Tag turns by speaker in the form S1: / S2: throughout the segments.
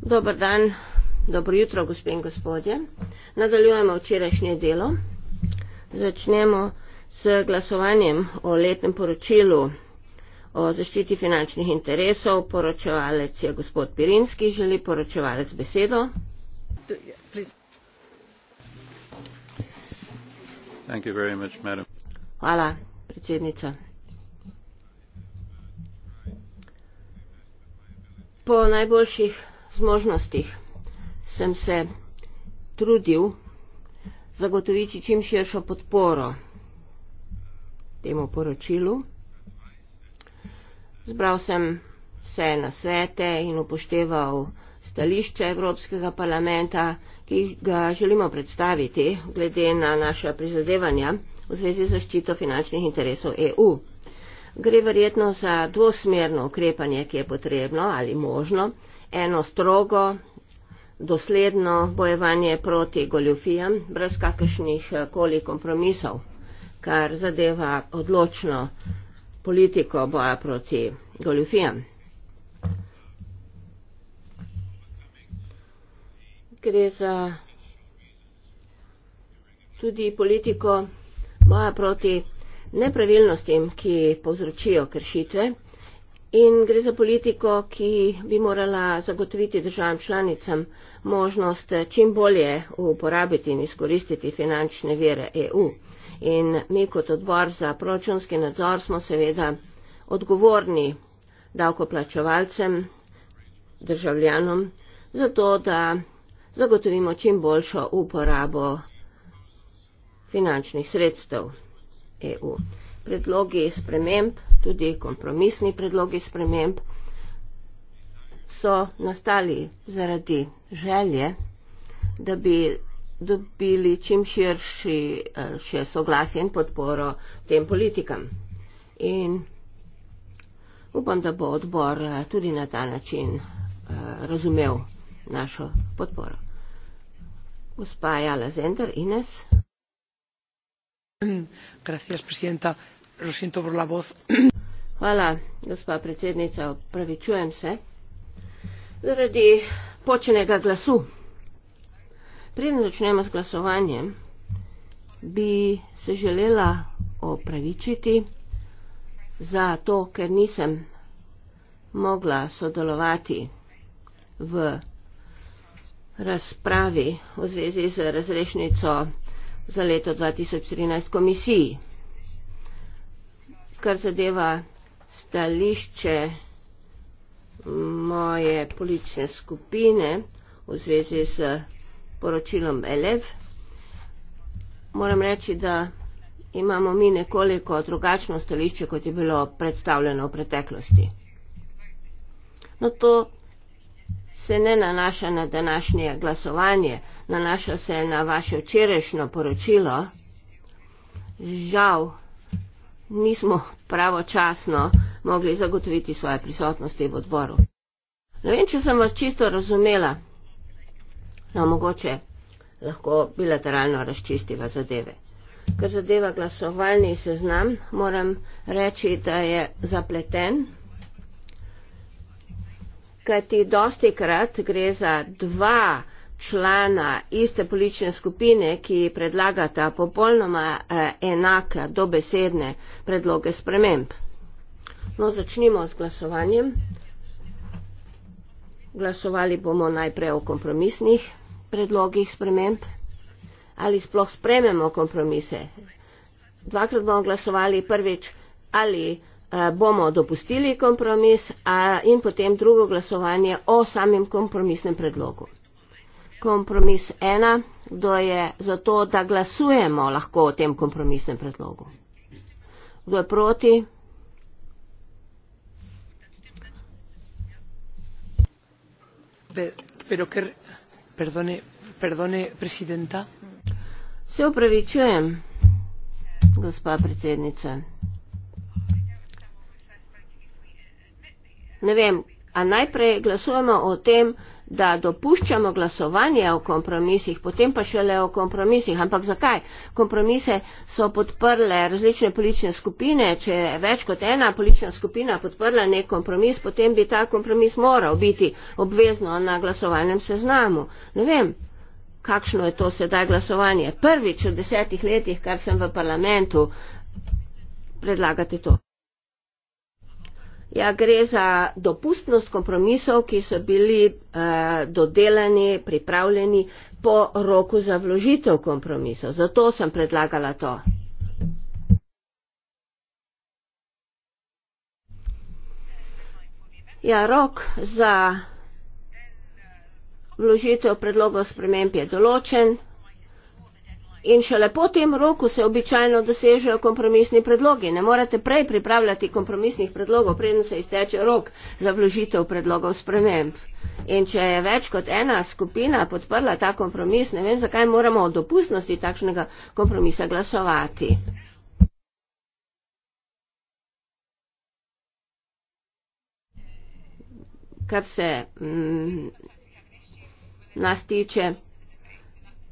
S1: Dobar dan, dobro jutro, gospe in gospodje. Nadaljujemo včerajšnje delo. Začnemo s glasovanjem o letnem poročilu o zaščiti finančnih interesov. Poročevalec je gospod Pirinski, želi poročevalec besedo. Ja, Hvala, predsednica. po najboljših zmožnostih sem se trudil zagotoviti čim širšo podporo temu poročilu. Zbral sem vse na svete in upošteval stališče Evropskega parlamenta, ki ga želimo predstaviti glede na naša prizadevanja v zvezi z zaščito finančnih interesov EU gre verjetno za dvosmerno ukrepanje, ki je potrebno ali možno. Eno strogo, dosledno bojevanje proti goljofijam, brez kakršnih eh, koli kompromisov, kar zadeva odločno politiko boja proti goljofijam. Gre za tudi politiko boja proti nepravilnostim, ki povzročijo kršitve in gre za politiko, ki bi morala zagotoviti državam članicam možnost čim bolje uporabiti in izkoristiti finančne vere EU. In mi kot odbor za proračunski nadzor smo seveda odgovorni davkoplačevalcem, državljanom, zato da zagotovimo čim boljšo uporabo finančnih sredstev. EU. Predlogi sprememb, tudi kompromisni predlogi sprememb, so nastali zaradi želje, da bi dobili čim širši eh, še soglas in podporo tem politikam. In upam, da bo odbor eh, tudi na ta način eh, razumel našo podporo. Gospa Jala Zender, Ines.
S2: zaradi
S1: počenega glasu preden začnemo z glasovanjem bi se želela opravičiti za to ker nisem mogla sodelovati v razpravi v zvezi z razrešnico za leto 2013 komisiji. Kar zadeva stališče moje politične skupine v zvezi s poročilom ELEV, moram reči, da imamo mi nekoliko drugačno stališče, kot je bilo predstavljeno v preteklosti. No to se ne nanaša na današnje glasovanje, nanaša se na vaše včerajšnjo poročilo. Žal nismo pravočasno mogli zagotoviti svoje prisotnosti v odboru. Ne vem, če sem vas čisto razumela, no mogoče lahko bilateralno razčistiva zadeve. Ker zadeva glasovalni seznam, moram reči, da je zapleten, kajti dosti krat gre za dva člana iste politične skupine, ki predlagata popolnoma eh, enake dobesedne predloge sprememb. No, začnimo z glasovanjem. Glasovali bomo najprej o kompromisnih predlogih sprememb. Ali sploh sprememo kompromise? Dvakrat bomo glasovali prvič, ali eh, bomo dopustili kompromis a, in potem drugo glasovanje o samem kompromisnem predlogu kompromis ena, kdo je za to, da glasujemo lahko o tem kompromisnem predlogu. Kdo je proti? Pero ker, perdone, perdone, presidenta. Se upravičujem, gospa predsednica. Ne vem, a najprej glasujemo o tem, da dopuščamo glasovanje o kompromisih, potem pa šele o kompromisih. Ampak zakaj? Kompromise so podprle različne politične skupine. Če je več kot ena politična skupina podprla nek kompromis, potem bi ta kompromis moral biti obvezno na glasovalnem seznamu. Ne vem, kakšno je to sedaj glasovanje. Prvič v desetih letih, kar sem v parlamentu, predlagate to. Ja, gre za dopustnost kompromisov, ki so bili eh, dodelani, pripravljeni po roku za vložitev kompromisov. Zato sem predlagala to. Ja, rok za vložitev predlogov sprememb je določen in šele po tem roku se običajno dosežejo kompromisni predlogi. Ne morete prej pripravljati kompromisnih predlogov, preden se izteče rok za vložitev predlogov sprememb. In če je več kot ena skupina podprla ta kompromis, ne vem, zakaj moramo o dopustnosti takšnega kompromisa glasovati. Kar se mm, nas tiče.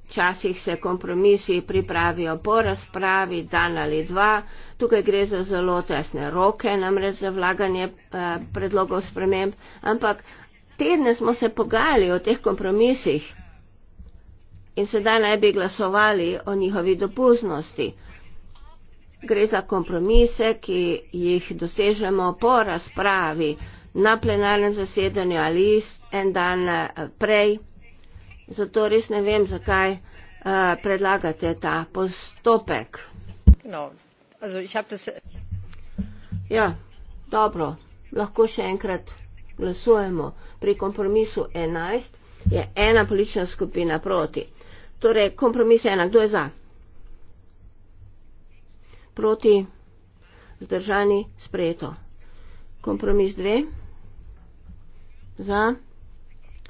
S1: Včasih se kompromisi pripravijo po razpravi, dan ali dva. Tukaj gre za zelo tesne roke, namreč za vlaganje eh, predlogov sprememb. Ampak tedne smo se pogajali o teh kompromisih in sedaj naj bi glasovali o njihovi dopuznosti. Gre za kompromise, ki jih dosežemo po razpravi na plenarnem zasedanju ali en dan eh, prej. Zato res ne vem, zakaj uh, predlagate ta postopek. No. Also, ja, dobro, lahko še enkrat glasujemo. Pri kompromisu 11 je ena politična skupina proti. Torej, kompromis 1, kdo je za? Proti, zdržani, sprejeto. Kompromis 2, za,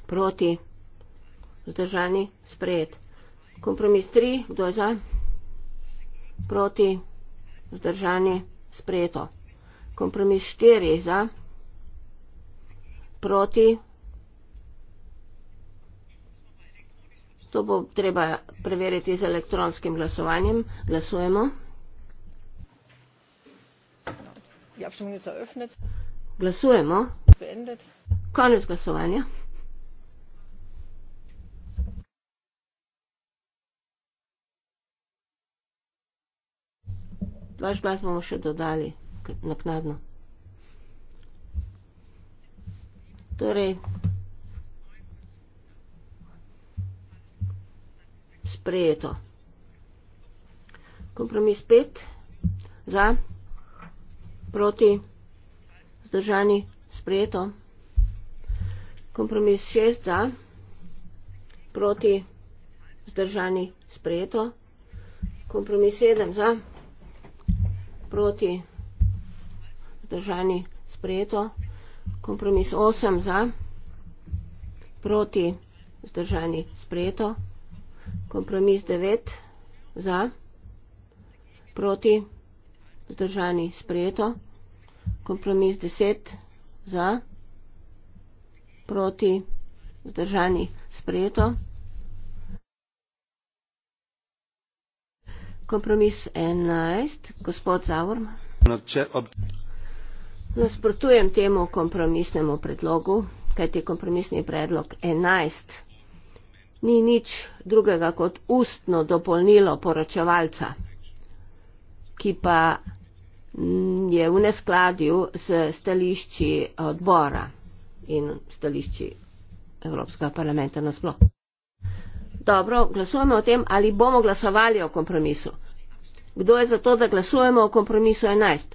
S1: proti. Vzdržani, sprejet. Kompromis 3, kdo je za? Proti, vzdržani, sprejeto. Kompromis 4, za? Proti. To bo treba preveriti z elektronskim glasovanjem. Glasujemo. Glasujemo. Konec glasovanja. vaš glas bomo še dodali naknadno. Torej, sprejeto. Kompromis pet, za, proti, zdržani, sprejeto. Kompromis šest, za, proti, zdržani, sprejeto. Kompromis sedem, za proti, zdržani sprejeto, kompromis 8 za, proti, zdržani sprejeto, kompromis 9 za, proti, zdržani sprejeto, kompromis 10 za, proti, zdržani sprejeto, kompromis 10 za, proti, zdržani sprejeto, Kompromis 11, gospod Zavorm. No, Nasprotujem temu kompromisnemu predlogu, kajti kompromisni predlog 11 ni nič drugega kot ustno dopolnilo poročevalca, ki pa je v neskladju s stališči odbora in stališči Evropskega parlamenta nasploh dobro glasujemo o tem ali bomo glasovali o kompromisu kdo je za to da glasujemo o kompromisu enajst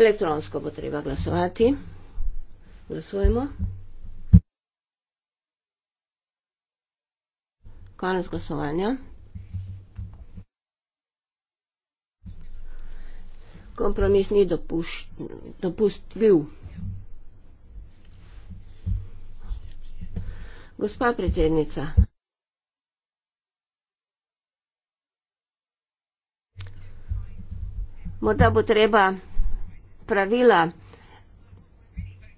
S1: elektronsko bo treba glasovati glasujemo konec glasovanja kompromis ni dopuš, dopustljiv Gospa predsednica. Morda bo treba pravila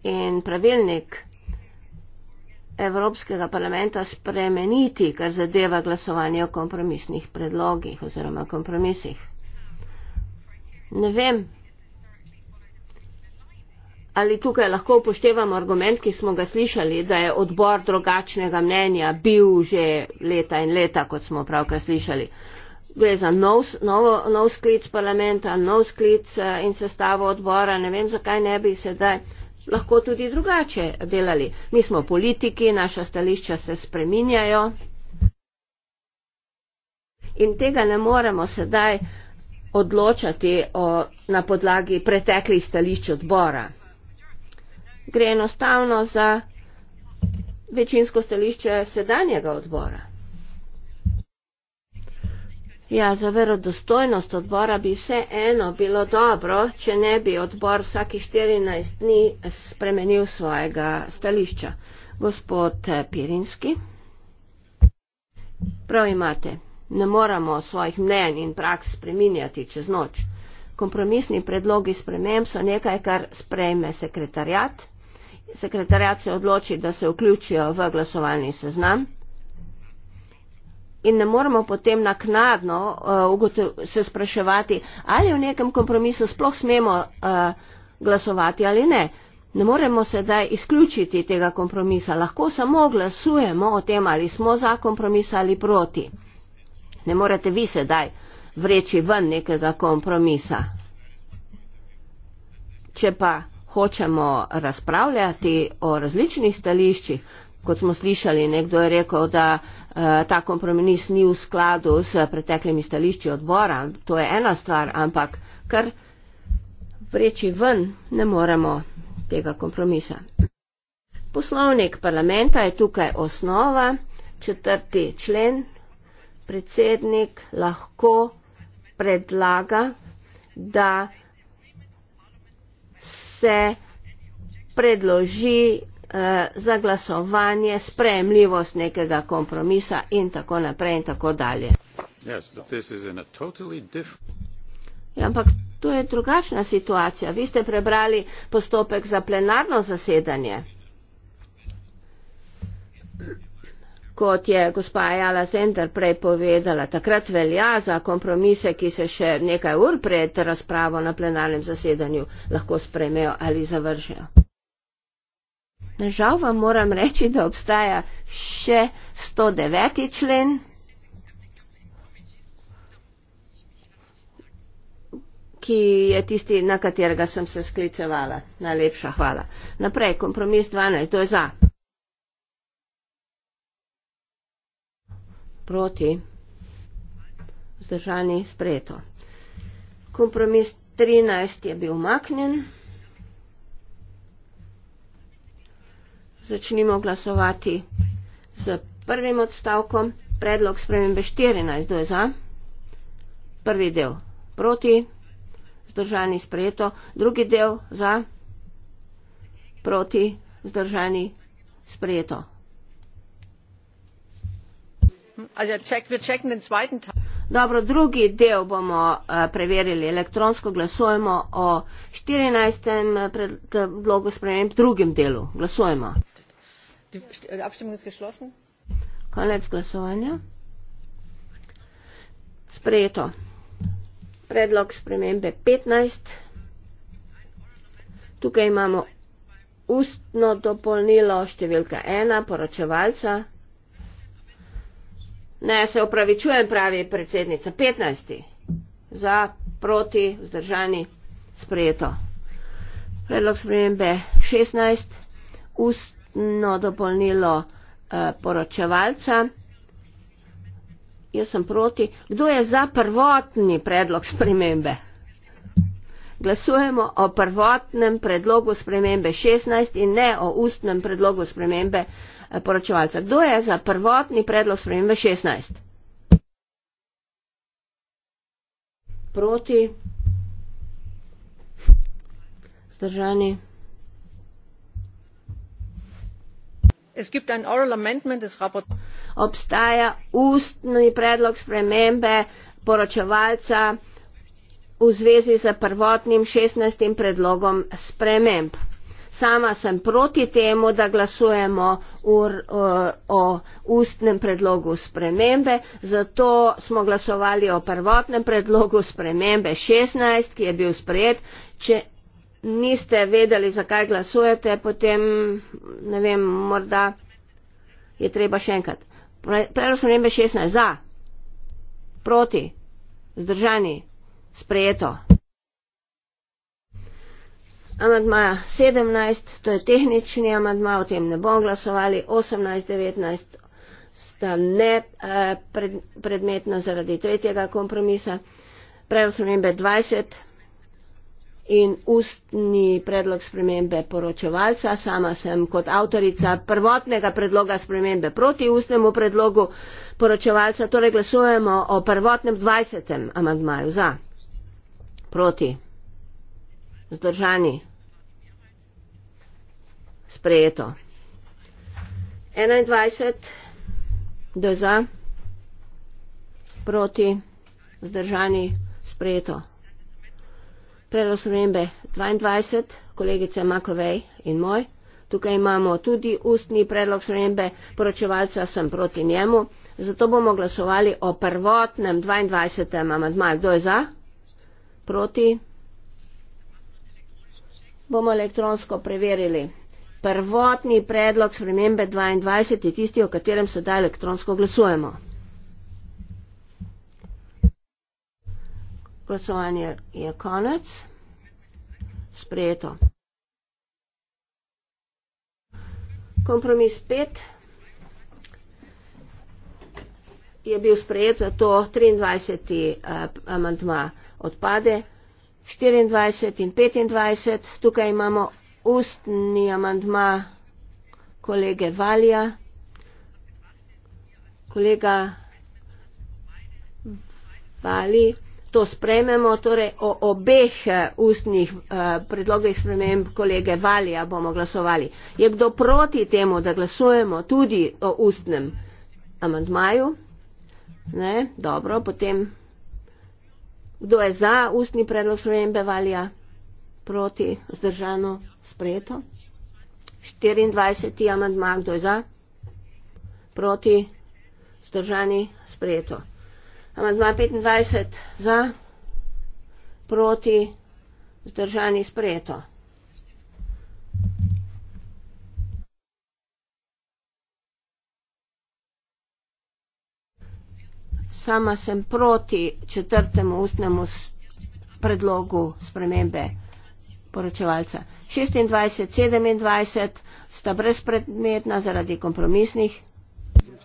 S1: in pravilnik Evropskega parlamenta spremeniti, kar zadeva glasovanje o kompromisnih predlogih oziroma kompromisih. Ne vem, ali tukaj lahko upoštevamo argument, ki smo ga slišali, da je odbor drugačnega mnenja bil že leta in leta, kot smo pravkar slišali. Gre za nov, novo, nov sklic parlamenta, nov sklic eh, in sestavo odbora, ne vem, zakaj ne bi sedaj lahko tudi drugače delali. Mi smo politiki, naša stališča se spreminjajo in tega ne moremo sedaj odločati o, na podlagi preteklih stališč odbora gre enostavno za večinsko stališče sedanjega odbora. Ja, za verodostojnost odbora bi vse eno bilo dobro, če ne bi odbor vsaki 14 dni spremenil svojega stališča. Gospod eh, Pirinski, prav imate, ne moramo svojih mnenj in praks spreminjati čez noč. Kompromisni predlogi sprememb so nekaj, kar sprejme sekretarjat, sekretariat se odloči, da se vključijo v glasovalni seznam. In ne moremo potem naknadno uh, se spraševati, ali v nekem kompromisu sploh smemo uh, glasovati ali ne. Ne moremo sedaj izključiti tega kompromisa, lahko samo glasujemo o tem, ali smo za kompromis ali proti. Ne morete vi sedaj vreči ven nekega kompromisa. Če pa hočemo razpravljati o različnih stališčih, kot smo slišali, nekdo je rekel, da eh, ta kompromis ni v skladu s preteklimi stališči odbora, to je ena stvar, ampak kar vreči ven, ne moremo tega kompromisa. Poslovnik parlamenta je tukaj osnova, četrti člen, predsednik lahko predlaga, da se predloži eh, za glasovanje, spremljivost nekega kompromisa in tako naprej in tako dalje.
S2: Yes, totally
S1: ja, ampak to je drugačna situacija. Vi ste prebrali postopek za plenarno zasedanje kot je gospa Jala Zender prej povedala, takrat velja za kompromise, ki se še nekaj ur pred razpravo na plenarnem zasedanju lahko spremejo ali zavržejo. Nažal vam moram reči, da obstaja še 109. člen, ki je tisti, na katerega sem se sklicevala. Najlepša hvala. Naprej, kompromis 12. Kdo je za? proti vzdržani sprejeto. Kompromis 13 je bil umaknjen. Začnimo glasovati z prvim odstavkom. Predlog spremembe 14. Kdo je za? Prvi del proti, zdržani sprejeto. Drugi del za, proti, zdržani sprejeto. Ja, Dobro, drugi del bomo eh, preverili. Elektronsko glasujemo o 14. Eh, predlogu sprememb, drugem delu. Glasujemo.
S3: Äh,
S1: Konec glasovanja. Sprejeto. Predlog spremembe 15. Tukaj imamo ustno dopolnilo številka 1 poročevalca. Ne, se opravičujem, pravi predsednica. 15. Za, proti, vzdržani, sprejeto. Predlog spremembe 16. Ustno dopolnilo eh, poročevalca. Jaz sem proti. Kdo je za prvotni predlog spremembe? Glasujemo o prvotnem predlogu spremembe 16 in ne o ustnem predlogu spremembe 16. Eh, poročevalca. Kdo je za prvotni predlog spremembe 16? Proti? Zdržani? Obstaja ustni predlog spremembe poročevalca v zvezi z prvotnim 16. predlogom sprememb. Sama sem proti temu, da glasujemo ur, o, o ustnem predlogu spremembe, zato smo glasovali o prvotnem predlogu spremembe 16, ki je bil sprejet. Če niste vedeli, zakaj glasujete, potem ne vem, morda je treba še enkrat. Predlog spremembe 16 za, proti, zdržani, sprejeto. Amadmaja 17, to je tehnični amadma, o tem ne bom glasovali, 18, 19 sta ne eh, pred, predmetna zaradi tretjega kompromisa, predlog spremembe 20 in ustni predlog spremembe poročevalca. Sama sem kot avtorica prvotnega predloga spremembe proti ustnemu predlogu poročevalca, torej glasujemo o prvotnem 20. amadmaju za proti. Zdržani. Sprejeto. 21. DZ. Proti. Zdržani. Sprejeto. Predlog spremembe 22. Kolegice Makovej in moj. Tukaj imamo tudi ustni predlog spremembe. Poročevalca sem proti njemu. Zato bomo glasovali o prvotnem 22. amadmaju. Kdo je za? Proti bomo elektronsko preverili. Prvotni predlog spremembe 22 je tisti, o katerem sedaj elektronsko glasujemo. Glasovanje je konec. Sprejeto. Kompromis 5 je bil sprejet, zato 23. Eh, amantma odpade. 24 in 25. Tukaj imamo ustni amandma kolege Valja. Kolega Vali, to sprememo, torej o obeh eh, ustnih eh, predlogih sprememb kolege Valja bomo glasovali. Je kdo proti temu, da glasujemo tudi o ustnem amandmaju? Ne, dobro, potem Kdo je za ustni predlog spremembe valja proti zdržano sprejeto? 24. amandma, kdo je za proti zdržani sprejeto? Amandma 25 za proti zdržani sprejeto. sama sem proti četrtemu ustnemu predlogu spremembe poročevalca. 26, 27 sta brezpredmetna zaradi kompromisnih.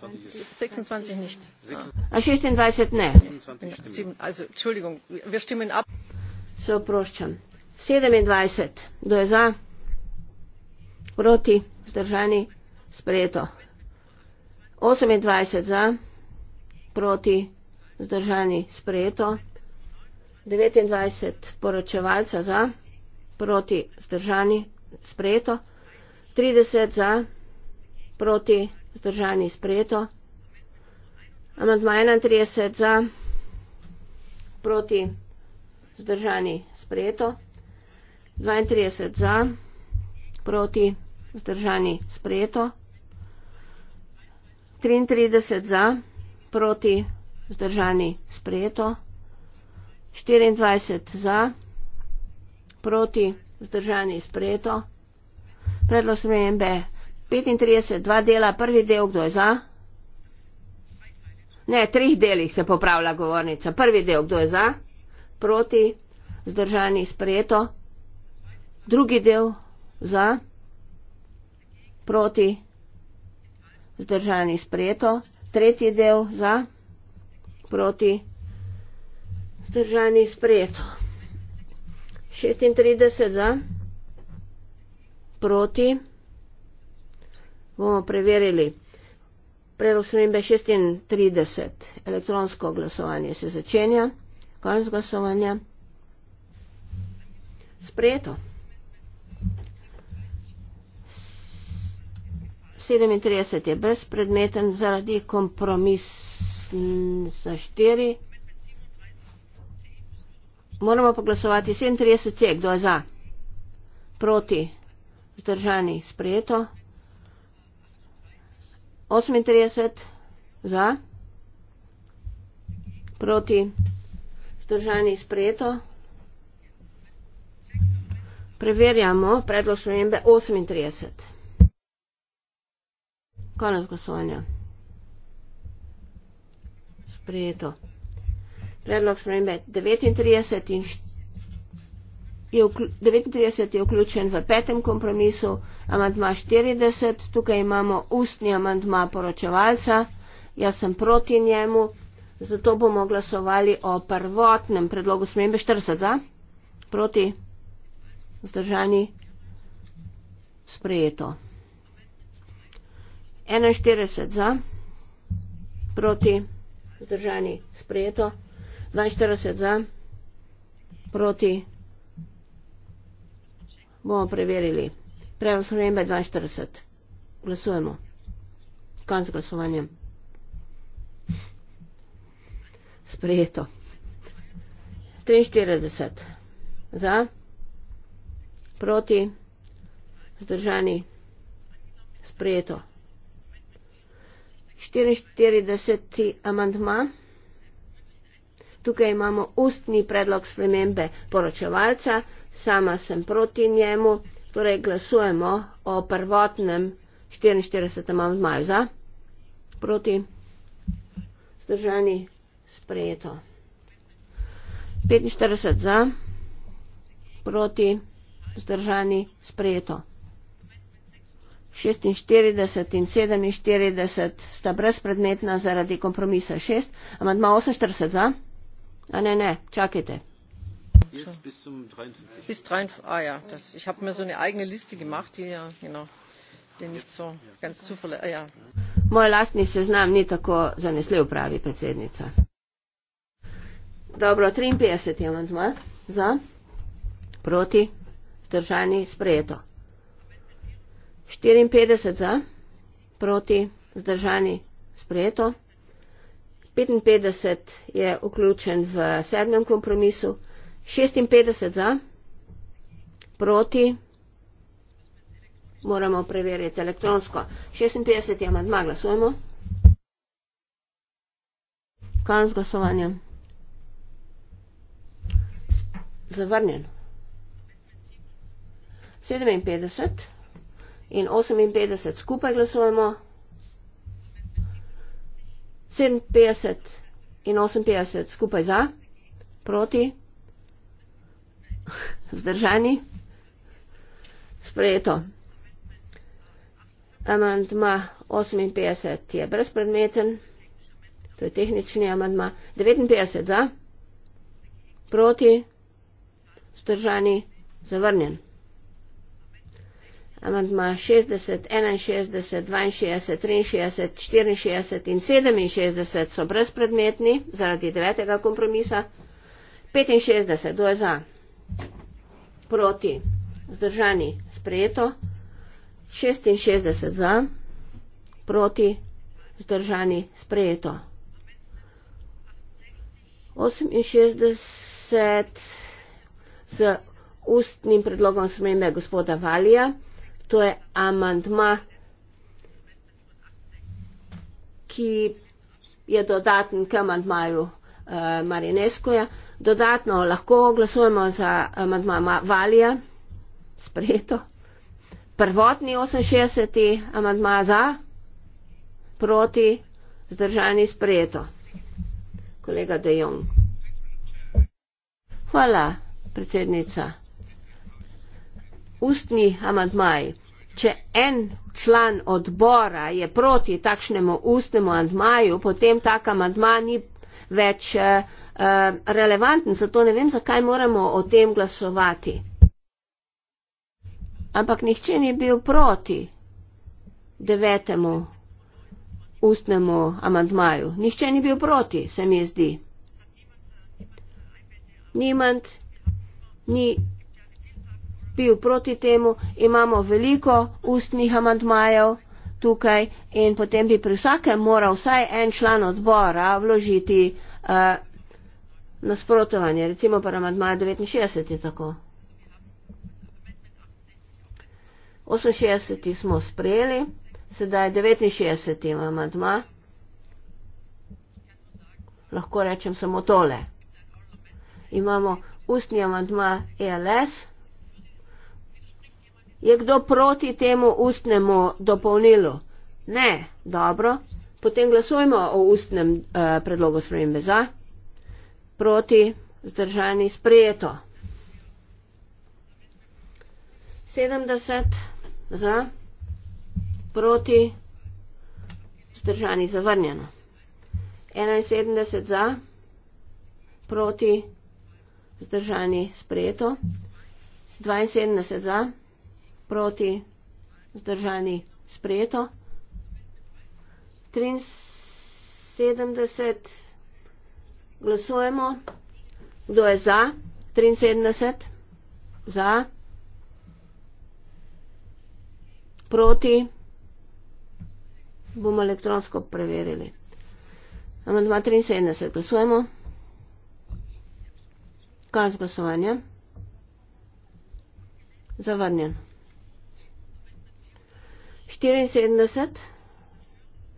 S1: 26 ne. 26 ne. Se oproščam. 27, kdo je za, proti, zdržani, sprejeto. 28 za proti zdržani sprejeto, 29 poročevalca za, proti zdržani sprejeto, 30 za, proti zdržani sprejeto, amantma 31 za, proti zdržani sprejeto, 32 za, proti zdržani sprejeto, 33 za, proti zdržani sprejeto, proti zdržani sprejeto, 24 za, proti zdržani sprejeto, predlog spremembe 35, dva dela, prvi del, kdo je za? Ne, trih delih se popravlja govornica, prvi del, kdo je za, proti zdržani sprejeto, drugi del za, proti zdržani sprejeto tretji del za, proti, zdržani sprejet. 36 za, proti, bomo preverili. Predlog spremembe 36, elektronsko glasovanje se začenja, konec glasovanja. Sprejeto. 37 je brezpredmeten zaradi kompromisa 4. Moramo poglasovati 37C, kdo je za, proti, zdržani, sprejeto. 38 za, proti, zdržani, sprejeto. Preverjamo predlog svojembe 38. Konec glasovanja. Sprejeto. Predlog spremembe 39 in 4. 39 je vključen v petem kompromisu, amantma 40, tukaj imamo ustni amantma poročevalca, jaz sem proti njemu, zato bomo glasovali o prvotnem predlogu smembe 40 za, proti, zdržani, sprejeto. 41 za, proti, zdržani, sprejeto, 42 za, proti, bomo preverili, prejo sprejembe 42, glasujemo, konc glasovanja, sprejeto, 43 za, proti, zdržani, sprejeto, 42 za, 44. amantma. Tukaj imamo ustni predlog spremembe poročevalca, sama sem proti njemu, torej glasujemo o prvotnem 44. amantmaju za, proti, zdržani, sprejeto. 45 za, proti, zdržani, sprejeto. 46 in 47 sta brezpredmetna zaradi kompromisa 6, ampak ima 48 za. A ne, ne, čakajte. Moj lastni seznam ni tako zanesljiv, pravi predsednica. Dobro, 53 je amantma za, proti, zdržani, sprejeto. 54 za, proti, zdržani, sprejeto. 55 je vključen v sedmem kompromisu. 56 za, proti, moramo preveriti elektronsko. 56 je amadma, glasujemo. Kaj z glasovanjem? Zavrnjen. 57 in 58 skupaj glasujemo. 57 in 58 skupaj za, proti, zdržani, sprejeto. Amandma 58 je brezpredmeten, to je tehnični amandma. 59 za, proti, zdržani, zavrnjen amantma 60, 61, 62, 63, 64 in 67 so brezpredmetni zaradi devetega kompromisa, 65, kdo je za, proti, zdržani, sprejeto, 66 za, proti, zdržani, sprejeto. 68 z ustnim predlogom smembe gospoda Valija, to je amantma, ki je dodaten k amantmaju eh, Marineskoja. Dodatno lahko glasujemo za amantma Valija, sprejeto. Prvotni 68. amantma za, proti, zdržani sprejeto. Kolega De Jong. Hvala, predsednica. Ustni amantmaj če en član odbora je proti takšnemu ustnemu amadmaju, potem tak amadma ni več uh, relevanten, zato ne vem, zakaj moramo o tem glasovati. Ampak nihče ni bil proti devetemu ustnemu amadmaju. Nihče ni bil proti, se mi zdi. Niemand ni bil proti temu, imamo veliko ustnih amantmajev tukaj in potem bi pri vsakem moral vsaj en član odbora vložiti uh, nasprotovanje. Recimo pa amantmaja 69 je tako. 68 smo sprejeli, sedaj 69 ima amantma. Lahko rečem samo tole. Imamo ustni amantma ELS. Je kdo proti temu ustnemu dopolnilu? Ne, dobro. Potem glasujmo o ustnem eh, predlogu spremembe za. Proti, zdržani, sprejeto. 70 za, proti, zdržani, zavrnjeno. 71 za, proti, zdržani, sprejeto. 72 za, proti proti zdržani sprejeto. 73 glasujemo. Kdo je za? 73 za. Proti bomo elektronsko preverili. Amandma 73 glasujemo. Kaj z glasovanjem? Zavrnjen. 74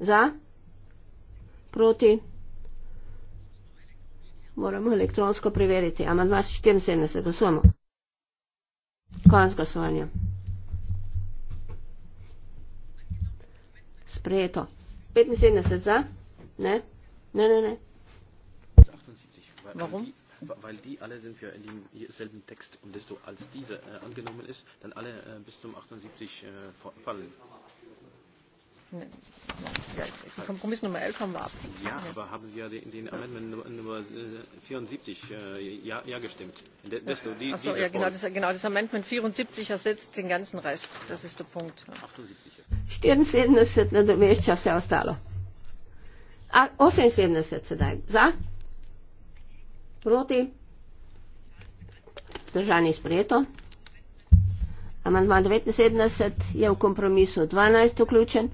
S1: za, proti. Moramo elektronsko preveriti. Amandma 74, glasujemo. Konec glasovanja. Sprejeto. 75 za? Ne? Ne, ne, ne.
S2: Warum? Weil die alle sind für den selben Text und desto als diese äh, angenommen ist, dann alle äh, bis zum 78 äh, fallen.
S1: Ja, die Kompromissnummer 11 haben wir abgelehnt. Ja, ja,
S2: aber haben Sie ja den, den Amendment Nummer 74 äh, äh, ja, ja gestimmt? De, desto, die, Ach so, ja, genau das,
S3: genau. das Amendment 74 ersetzt den ganzen Rest. Das ist der Punkt. 78.
S1: 74, das ist nicht der Rest, was da ist. 78, Za? Proti? Zdržani sprejeto. Amandma 79 je v kompromisu 12 vključen.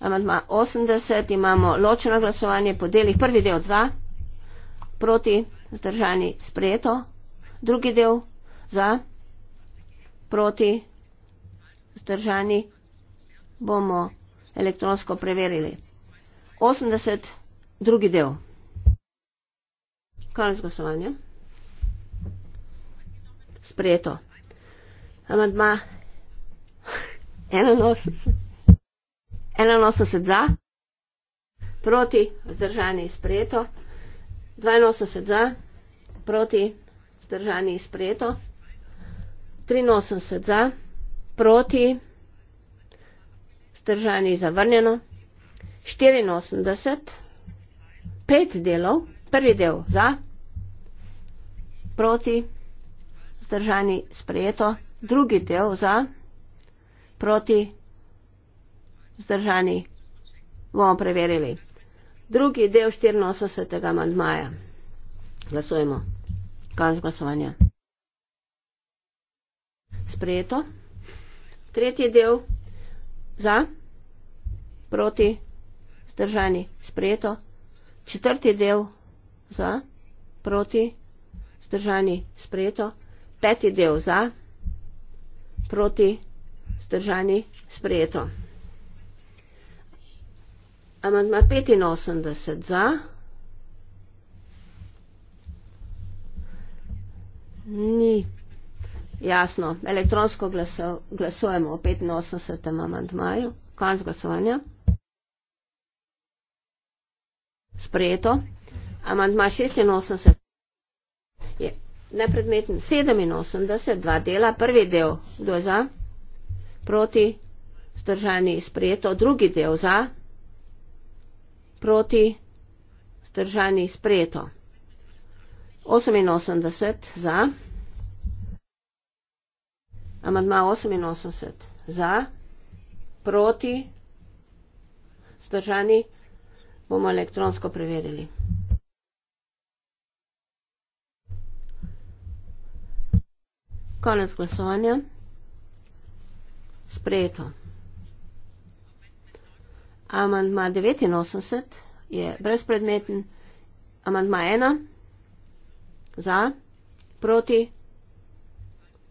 S1: Amandma 80, imamo ločeno glasovanje po delih. Prvi del za, proti, zdržani, sprejeto. Drugi del za, proti, zdržani, bomo elektronsko preverili. 80, drugi del. Konec glasovanja. Sprejeto. Amandma 81. 81 za, proti, vzdržani sprejeto, 82 za, proti, vzdržani sprejeto, 83 za, proti, vzdržani zavrnjeno, 84, 5 delov, prvi del za, proti, vzdržani sprejeto, drugi del za, proti, vzdržani, bomo preverili. Drugi del 84. mandmaja. Glasujemo. Konec glasovanja. Sprejeto. Tretji del za, proti, vzdržani, sprejeto. Četrti del za, proti, vzdržani, sprejeto. Peti del za, proti, vzdržani, sprejeto. Amandma 85 za. Ni jasno. Elektronsko glaso, glasujemo o 85. amandmaju. Konc glasovanja. Sprejeto. Amandma 86 je nepredmeten. 87, dva dela. Prvi del, kdo je za? Proti. Zdržani sprejeto. Drugi del za proti zdržani sprejeto. 88 za. Amadma 88 za. Proti zdržani bomo elektronsko preverili. Konec glasovanja. Sprejeto. Amandma 89 je brezpredmeten. Amandma 1 za, proti,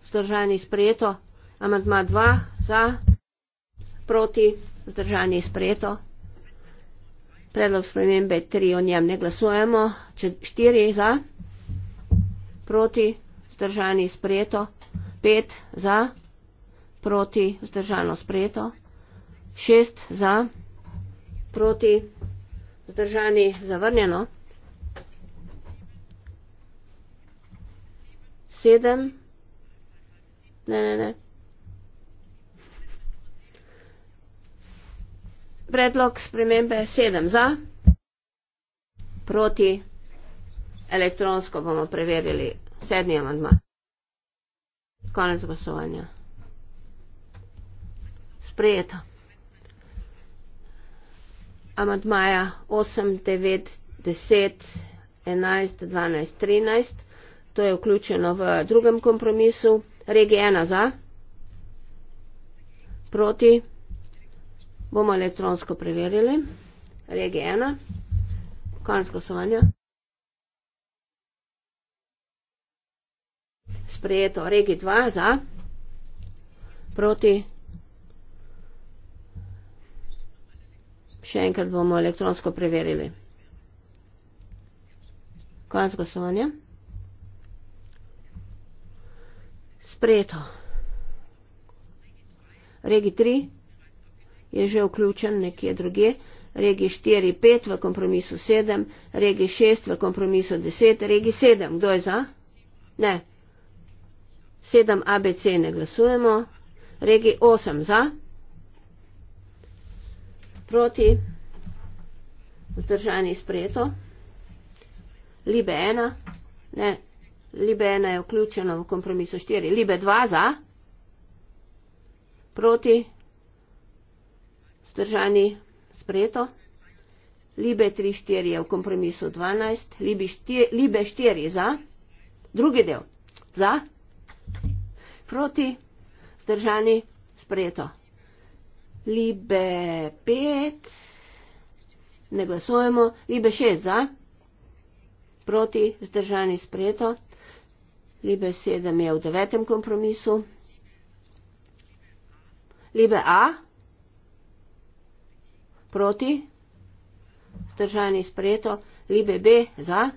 S1: zdržani sprejeto. Amandma 2 za, proti, zdržani sprejeto. Predlog spremembe 3 o njem ne glasujemo. 4 za, proti, zdržani sprejeto. 5 za, proti, zdržano sprejeto. 6 za, proti proti, zdržani, zavrnjeno. Sedem, ne, ne, ne. Predlog spremembe sedem za, proti, elektronsko bomo preverili sedmi amandma. Konec glasovanja. Sprejeto amadmaja 8, 9, 10, 11, 12, 13, to je vključeno v drugem kompromisu, regija 1 za, proti, bomo elektronsko preverili, regija 1, konec glasovanja. Sprejeto regi 2 za, proti Še enkrat bomo elektronsko preverili. Konec glasovanja. Sprejeto. Regi 3 je že vključen nekje druge. Regi 4, 5 v kompromisu 7. Regi 6 v kompromisu 10. Regi 7. Kdo je za? Ne. 7 ABC ne glasujemo. Regi 8 za proti, vzdržani sprejeto, libe ena, ne, libe ena je vključena v kompromiso štiri, libe dva za, proti, vzdržani sprejeto, libe tri štiri je v kompromiso dvanajst, libe štiri za, drugi del, za, proti, vzdržani sprejeto. Liebe 5, ne glasujemo, Liebe 6 za, proti, zdržani sprejeto, Liebe 7 je v devetem kompromisu, Liebe A, proti, zdržani sprejeto, Liebe B za,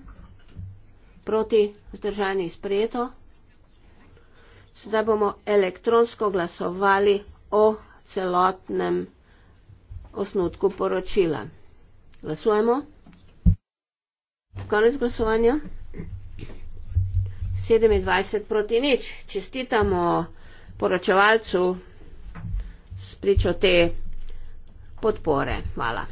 S1: proti, zdržani sprejeto. Sedaj bomo elektronsko glasovali o celotnem osnutku poročila. Glasujemo. Konec glasovanja. 27 proti nič. Čestitamo poročevalcu s pričo te podpore. Hvala.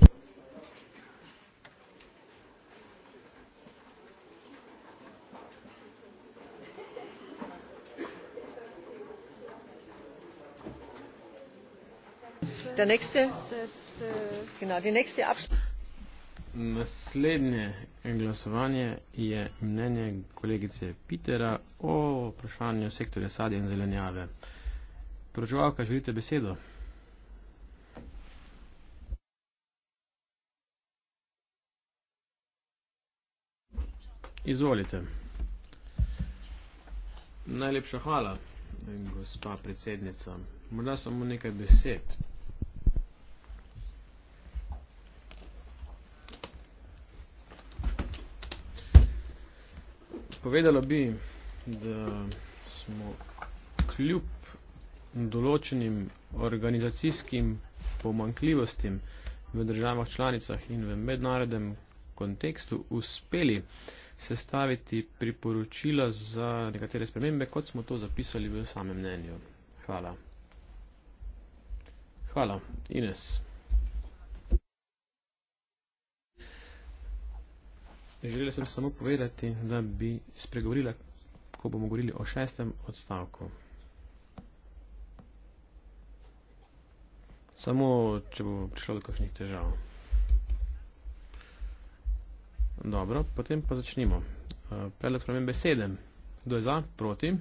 S2: Naslednje glasovanje je mnenje kolegice Pitera o vprašanju sektorja sadja in zelenjave. Proživalka, želite besedo? Izvolite. Najlepša hvala, gospa predsednica. Morda samo nekaj besed. Povedala bi, da smo kljub določenim organizacijskim pomankljivostim v državah članicah in v mednarodnem kontekstu uspeli sestaviti priporočila za nekatere spremembe, kot smo to zapisali v samem mnenju. Hvala. Hvala, Ines. Želela sem samo povedati, da bi spregovorila, ko bomo govorili o šestem odstavku. Samo, če bo prišlo do kakšnih težav. Dobro, potem pa začnimo. Eh, predlog spremembe 7. Kdo je za? Proti?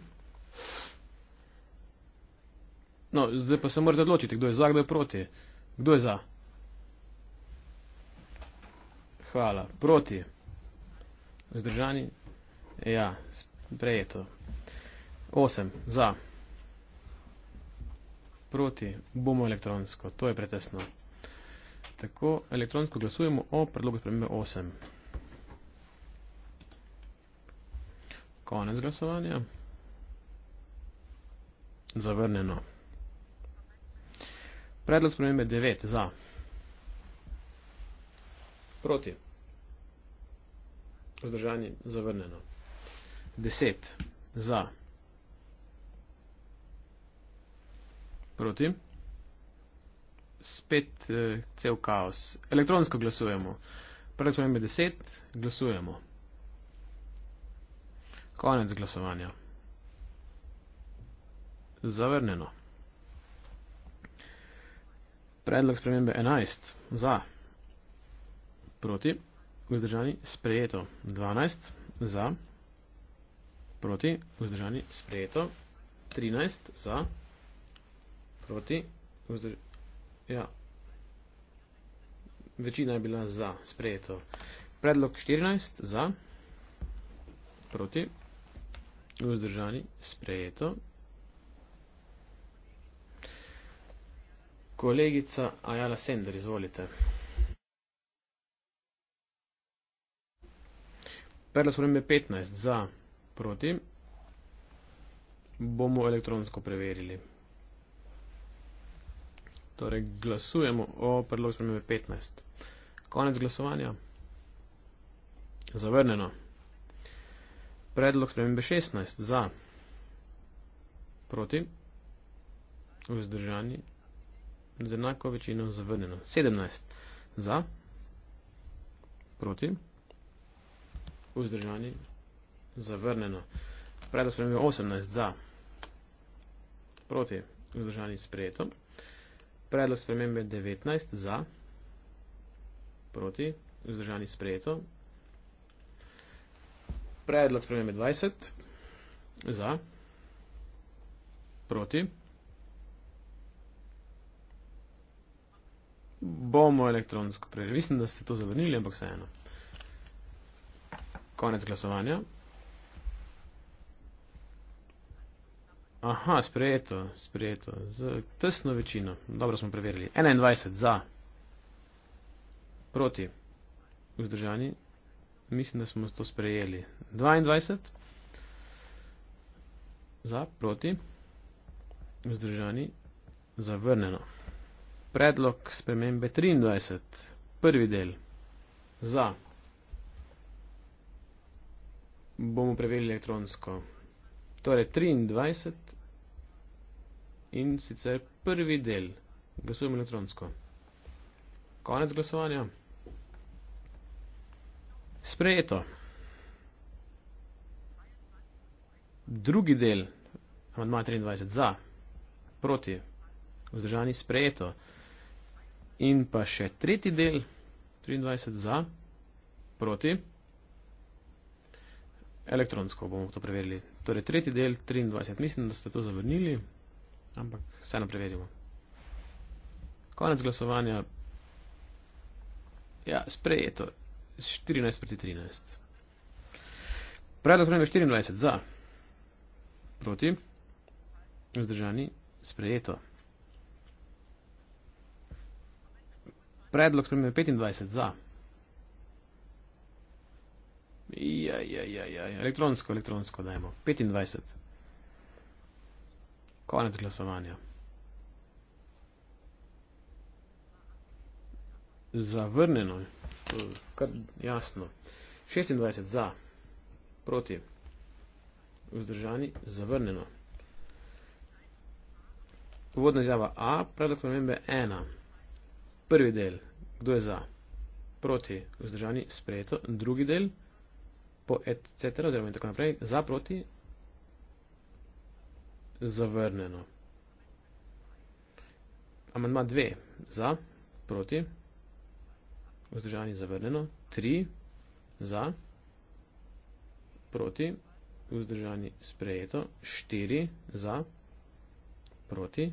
S2: No, zdaj pa se morate odločiti, kdo je za, kdo je proti. Kdo je za? Hvala. Proti? Proti? Vzdržani? Ja, sprejeto. Osem. Za. Proti. Bomo elektronsko. To je pretesno. Tako, elektronsko glasujemo o predlogu spremembe 8. Konec glasovanja. Zavrneno. Predlog spremembe 9. Za. Proti. Proti vzdržani zavrneno. Deset za. Proti. Spet eh, cel kaos. Elektronsko glasujemo. Prvi smo imeli deset, glasujemo. Konec glasovanja. Zavrneno. Predlog spremembe 11. Za. Proti vzdržani, sprejeto. 12 za, proti, vzdržani, sprejeto. 13 za, proti, vzdržani, ja. Večina je bila za, sprejeto. Predlog 14 za, proti, vzdržani, sprejeto. Kolegica Ajala Sender, izvolite. Kolegica Ajala Sender, izvolite. Predla spremembe 15 za proti bomo elektronsko preverili. Torej glasujemo o predlogu spremembe 15. Konec glasovanja. Zavrneno. Predlog spremembe 16 za proti vzdržani z enako večino zavrneno. 17 za proti vzdržani vzdržani, zavrneno. Predlog sprejem je 18 za, proti vzdržani sprejeto. Predlog sprejem je 19 za, proti vzdržani sprejeto. Predlog sprejem je 20 za, proti. Bomo elektronsko prejeli. Mislim, da ste to zavrnili, ampak vseeno konec glasovanja. Aha, sprejeto, sprejeto, z tesno večino. Dobro smo preverili. 21 za, proti, vzdržani. Mislim, da smo to sprejeli. 22 za, proti, vzdržani, zavrneno. Predlog spremembe 23, prvi del, za, proti bomo preverili elektronsko. Torej, 23 in sicer prvi del. Glasujemo elektronsko. Konec glasovanja. Sprejeto. Drugi del, amandma 23, za, proti, vzdržani, sprejeto. In pa še tretji del, 23, za, proti elektronsko bomo to preverili. Torej, tretji del 23. Mislim, da ste to zavrnili, ampak vseeno preverimo. Konec glasovanja. Ja, sprejeto. 14 proti 13. Predlog premijo 24 za. Proti. Vzdržani. Sprejeto. Predlog premijo 25 za. Ja, ja, ja, ja, ja. elektronsko, elektronsko dajmo. 25. Konec glasovanja. Zavrnjeno, kar jasno. 26 za, proti, vzdržani, zavrnjeno. Uvodna izjava A, predlog spremembe 1. Prvi del, kdo je za, proti, vzdržani, sprejeto. Drugi del, etc. oziroma in tako naprej, za proti, zavrnjeno. Amandma 2, za, proti, vzdržani, zavrnjeno, 3, za, proti, vzdržani, sprejeto, 4, za, proti.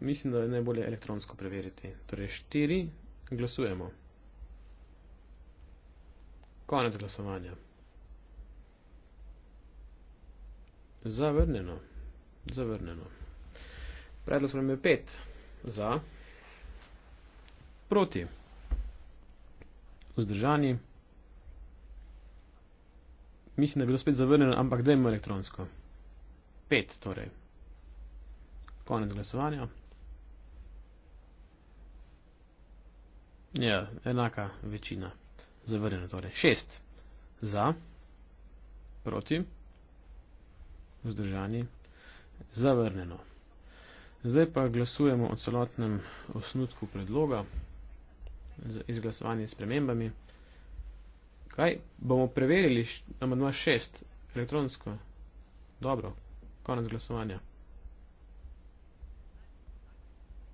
S2: Mislim, da je najbolje elektronsko preveriti. Torej 4, glasujemo. 4. Konec glasovanja. Zavrnjeno. Zavrnjeno. Predlog sprem je pet. Za. Proti. Vzdržani. Mislim, da je bilo spet zavrnjeno, ampak dajmo elektronsko. Pet, torej. Konec glasovanja. Ja, enaka večina zavrnjeno. Torej, šest za, proti, vzdržani, zavrnjeno. Zdaj pa glasujemo o celotnem osnutku predloga z izglasovanjem spremembami. Kaj bomo preverili, ima dva šest elektronsko? Dobro, konec glasovanja.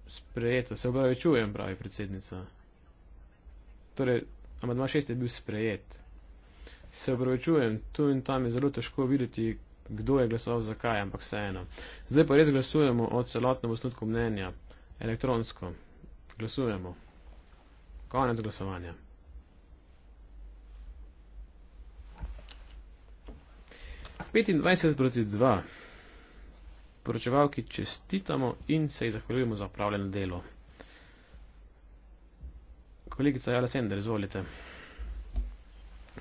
S2: Sprejeto, se obravičujem, pravi predsednica. Torej, Ampak 26 je bil sprejet. Se upravičujem, tu in tam je zelo težko videti, kdo je glasoval zakaj, ampak vseeno. Zdaj pa res glasujemo o celotnem osnutku mnenja. Elektronsko. Glasujemo. Konec glasovanja. Poročevalki čestitamo in se jih zahvaljujemo za upravljeno delo kolegica Jala Sender, izvolite.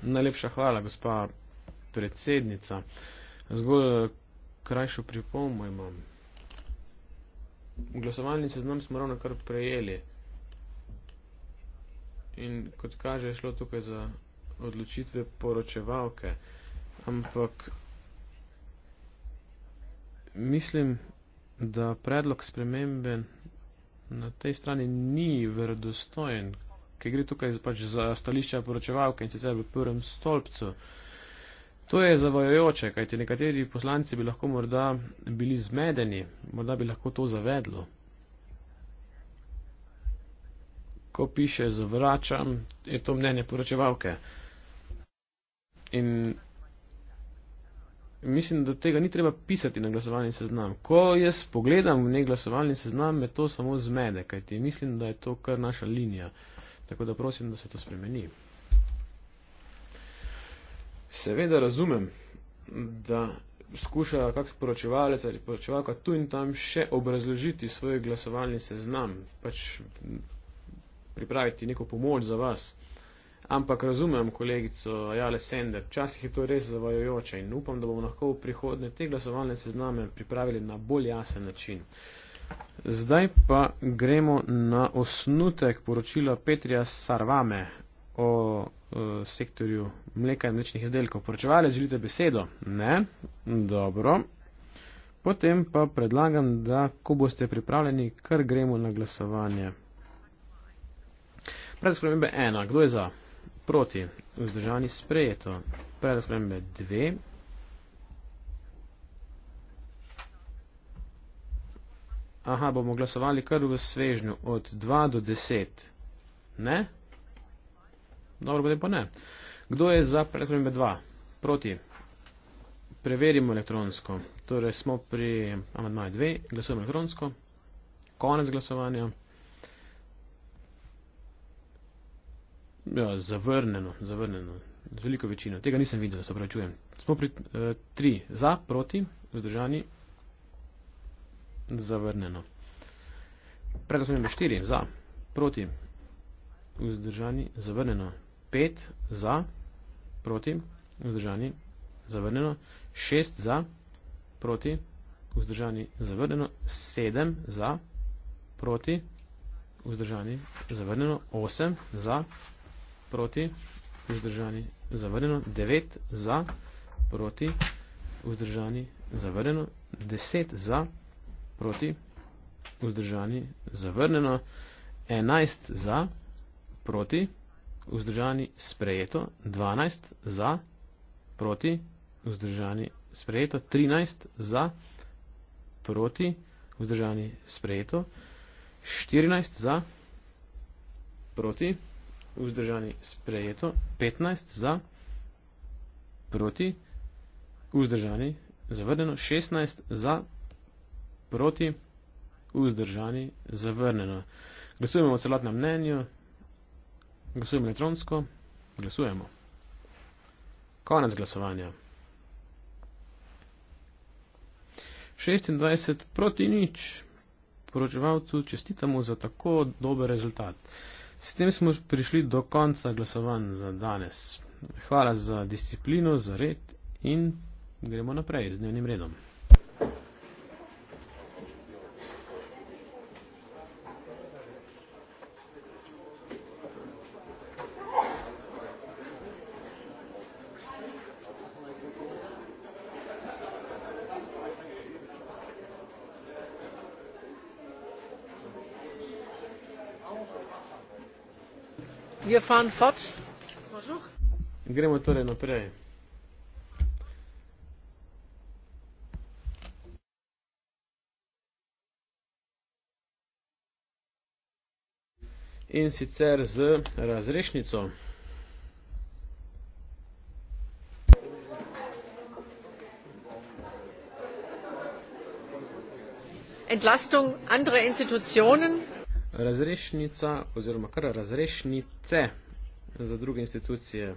S2: Najlepša hvala, gospa predsednica. Zgolj eh, krajšo pripomo imam. Glasovalni seznam smo ravno kar prejeli. In kot kaže, je šlo tukaj za odločitve poročevalke. Ampak mislim, da predlog spremembe na tej strani ni verodostojen, ki gre tukaj pač za stališča poročevalke in sicer v prvem stolpcu. To je zavajojoče, kajti nekateri poslanci bi lahko morda bili zmedeni, morda bi lahko to zavedlo. Ko piše zavračam, je to mnenje poročevalke. In mislim, da tega ni treba pisati na glasovalni seznam. Ko jaz pogledam v neglasovalni seznam, me to samo zmede, kajti mislim, da je to kar naša linija. Tako da prosim, da se to spremeni. Seveda razumem, da skuša kak poročevalec ali poročevalka tu in tam še obrazložiti svoj glasovalni seznam, pač pripraviti neko pomoč za vas. Ampak razumem kolegico Jale Sender, včasih je to res zavajojoče in upam, da bomo lahko v prihodnje te glasovalne sezname pripravili na bolj jasen način. Uh, Zdaj pa gremo na osnutek poročila Petrija Sarvame o, o e, sektorju mleka in mlečnih izdelkov. Poročevalec, želite besedo? Ne? Dobro. Potem pa predlagam, da ko boste pripravljeni, kar gremo na glasovanje. Predlog spremembe 1. Kdo je za? Proti. Vzdržani sprejeto. Predlog spremembe 2. Aha, bomo glasovali kar v svežnju, od 2 do 10. Ne? Dobro, potem pa ne. Kdo je za predpremembe 2? Proti. Preverimo elektronsko. Torej, smo pri amadmaju 2, glasujemo elektronsko. Konec glasovanja. Ja, zavrneno, zavrneno. Z veliko večino. Tega nisem videl, se pravi čujem. Smo pri 3 eh, za, proti, vzdržani, zavrnjeno. Predlog smo imeli 4 za, proti, vzdržani, zavrnjeno, 5 za, proti, vzdržani, zavrnjeno, 6 za, proti, vzdržani, zavrnjeno, 7 za, proti, vzdržani, zavrnjeno, 8 za, proti, vzdržani, zavrnjeno, 9 za, proti, vzdržani, zavrnjeno, 10 za, proti, proti, vzdržani, zavrnjeno, 11 za, proti, vzdržani, sprejeto, 12 za, proti, vzdržani, sprejeto, 13 za, proti, vzdržani, sprejeto, 14 za, proti, vzdržani, sprejeto, 15 za, proti, vzdržani, zavrnjeno, 16 za, proti, proti, vzdržani, zavrnjeno. Glasujemo o celotnem mnenju, glasujemo elektronsko, glasujemo. Konec glasovanja. 26 proti nič. Poročevalcu čestitamo za tako dober rezultat. S tem smo prišli do konca glasovanj za danes. Hvala za disciplino, za red in gremo naprej z dnevnim redom. gremo torej naprej. In sicer z razrešnico.
S3: Entlastung anderer Institutionen
S2: razrešnica oziroma kar razrešnice za druge institucije.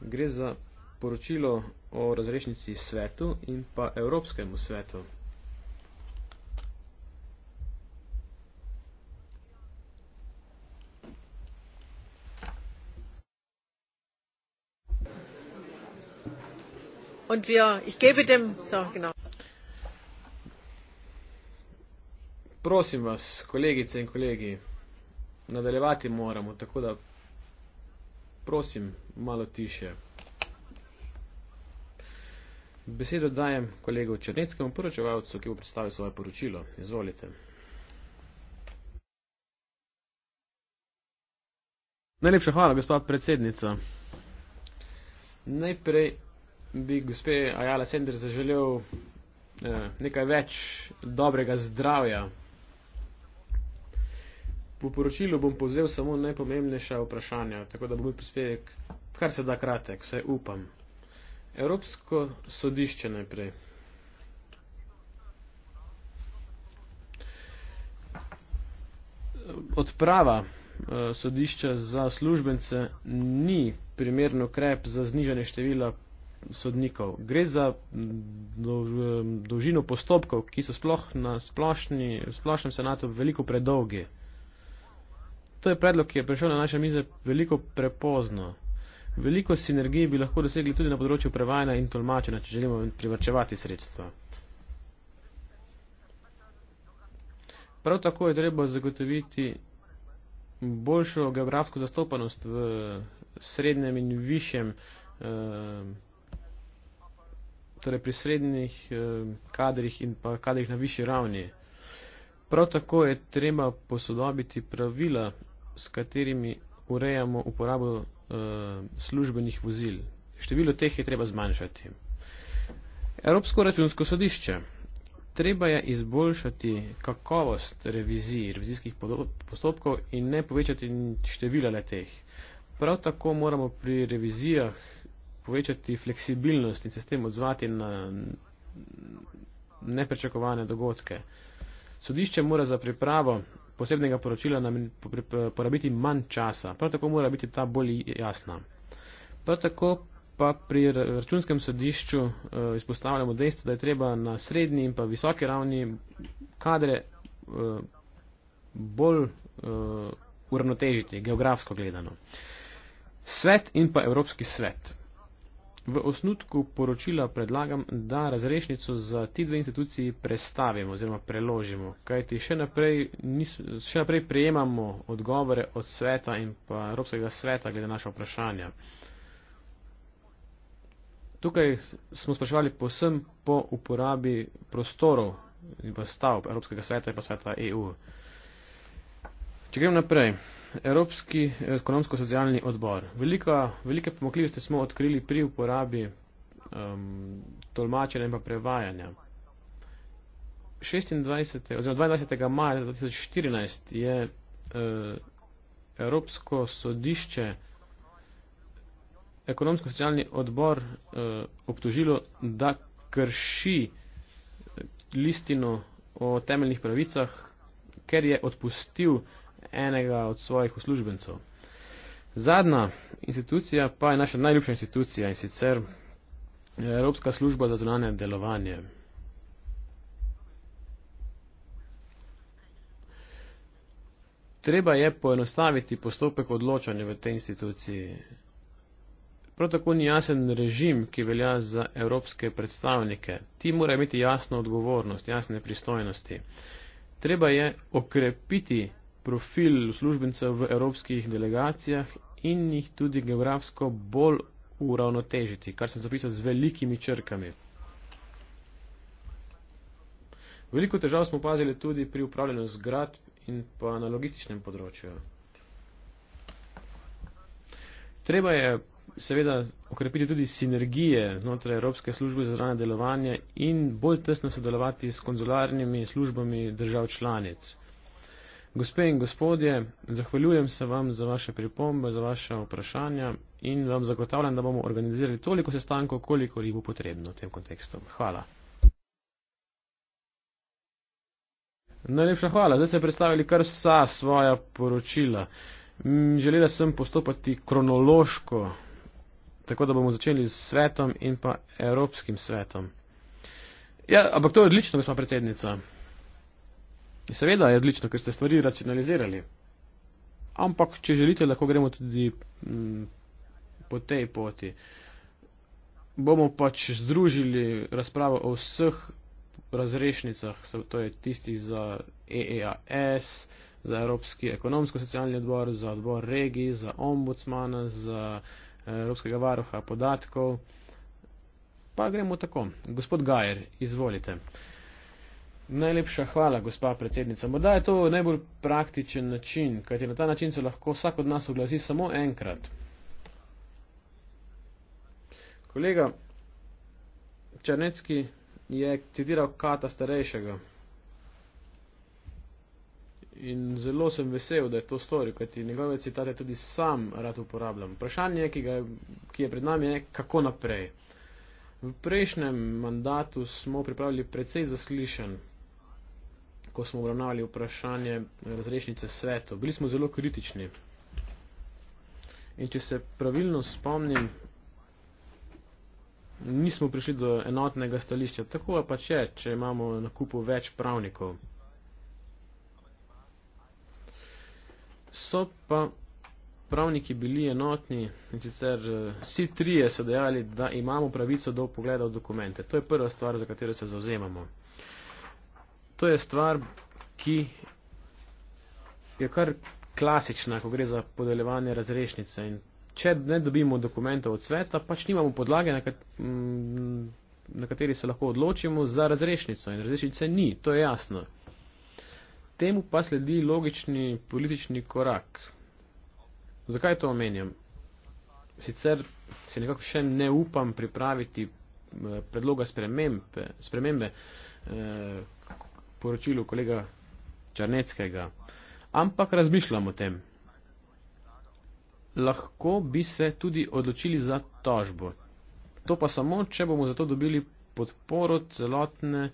S2: Gre za poročilo o razrešnici svetu in pa evropskemu svetu.
S3: Und wir, ich gebe dem, so genau.
S2: prosim vas, kolegice in kolegi, nadaljevati moramo, tako da prosim malo tiše. Besedo dajem kolegu Črneckemu poročevalcu, ki bo predstavil svoje poročilo. Izvolite. Najlepša hvala, gospa predsednica. Najprej bi gospe Ajala Sender zaželel eh, nekaj več dobrega zdravja V poročilu bom povzel samo najpomembnejša vprašanja, tako da bom imel prispevek kar se da kratek, vse upam. Evropsko sodišče najprej. Odprava eh, sodišča za službence ni primerno krep za znižanje števila sodnikov. Gre za mm, eh, dolžino postopkov, ki so sploh na splošni, splošnem senatu veliko predolgi. To je predlog, ki je prišel na naše mize veliko prepozno. Veliko sinergij bi lahko dosegli tudi na področju prevajanja in tolmačenja, če želimo privrčevati sredstva. Prav tako je treba zagotoviti boljšo geografsko zastopanost v srednjem in višjem, eh, torej pri srednjih eh, kadrih in pa kadrih na višji ravni. Prav tako je treba posodobiti pravila s katerimi urejamo uporabo uh, službenih vozil. Število teh je treba zmanjšati. Evropsko računsko sodišče. Treba je izboljšati kakovost revizij, revizijskih postopkov in ne povečati števila le teh. Prav tako moramo pri revizijah povečati fleksibilnost in se s tem odzvati na neprečakovane dogodke. Sodišče mora za pripravo posebnega poročila porabiti manj časa. Prav tako mora biti ta bolj jasna. Prav tako pa pri računskem sodišču eh, izpostavljamo dejstvo, da je treba na srednji in pa visoki ravni kadre eh, bolj eh, uravnotežiti, geografsko gledano. Svet in pa Evropski svet. V osnutku poročila predlagam, da razrešnico za ti dve instituciji prestavimo oziroma preložimo, kajti še naprej, nis, še naprej prejemamo odgovore od sveta in pa Evropskega sveta glede naša vprašanja. Tukaj smo spraševali posem po uporabi prostorov in pa stav Evropskega sveta in pa sveta EU. Če grem naprej. Evropski eh, ekonomsko-socialni odbor. Velika, velike pomakljivosti smo odkrili pri uporabi um, tolmačenja in pa prevajanja. 26. oziroma 22. maja 2014 je uh, Evropsko sodišče ekonomsko-socialni odbor uh, obtožilo, da krši listino o temeljnih pravicah, ker je odpustil enega od svojih uslužbencov. Zadnja institucija pa je naša najljubša institucija in sicer eh, Evropska služba za zunanje delovanje. Treba je poenostaviti postopek odločanja v tej instituciji. Prav tako ni jasen režim, ki velja za evropske predstavnike. Ti morajo imeti jasno odgovornost, jasne pristojnosti. Treba je okrepiti profil službencev v evropskih delegacijah in jih tudi geografsko bolj uravnotežiti, kar sem zapisal z velikimi črkami. Veliko težav smo opazili tudi pri upravljanju zgrad in pa na logističnem področju. Treba je seveda okrepiti tudi sinergije znotraj Evropske službe za zranje delovanje in bolj tesno sodelovati s konzularnimi službami držav članic. Gospe in gospodje, zahvaljujem se vam za vaše pripombe, za vaše vprašanja in vam zagotavljam, da bomo organizirali toliko sestankov, koliko jih bo potrebno v tem kontekstu. Hvala. Najlepša hvala. Zdaj ste predstavili kar vsa svoja poročila. Želela sem postopati kronološko, tako da bomo začeli s svetom in pa Evropskim svetom. Ja, ampak to je odlično, gospod predsednica. In seveda je odlično, ker ste stvari racionalizirali. Ampak, če želite, lahko gremo tudi m, mm, po tej poti. Bomo pač združili razpravo o vseh razrešnicah, to je tisti za EEAS, za Evropski ekonomsko-socialni odbor, za odbor regij, za ombudsmana, za eh, Evropskega varuha podatkov. Pa gremo tako. Gospod Gajer, izvolite. Najlepša hvala, gospa predsednica. Morda je to najbolj praktičen način, kajti na ta način se lahko vsak od nas oglasi samo enkrat. Kolega Črnecki je citiral Kata starejšega in zelo sem vesel, da je to storil, kajti njegove citate tudi sam rad uporabljam. Vprašanje, ki, ga, ki je pred nami, je kako naprej. V prejšnjem mandatu smo pripravili precej zaslišen ko smo obravnavali vprašanje razrešnice svetov. Bili smo zelo kritični. In če se pravilno spomnim, nismo prišli do enotnega stališča. Tako pa če, pač če imamo na kupu več pravnikov. So pa pravniki bili enotni in sicer eh, vsi trije so dejali, da imamo pravico do pogleda v dokumente. To je prva stvar, za katero se zauzemamo. To je stvar, ki je kar klasična, ko gre za podeljevanje razrešnice. In če ne dobimo dokumentov od sveta, pač nimamo podlage, na mm, kateri se lahko odločimo za razrešnico. In razrešnice ni, to je jasno. Temu pa sledi logični politični korak. Zakaj to omenjam? Sicer se nekako še ne upam pripraviti eh, predloga spremembe, spremembe eh, poročilu kolega Črneckega. Ampak razmišljamo o tem. Lahko bi se tudi odločili za tožbo. To pa samo, če bomo zato dobili podporo celotne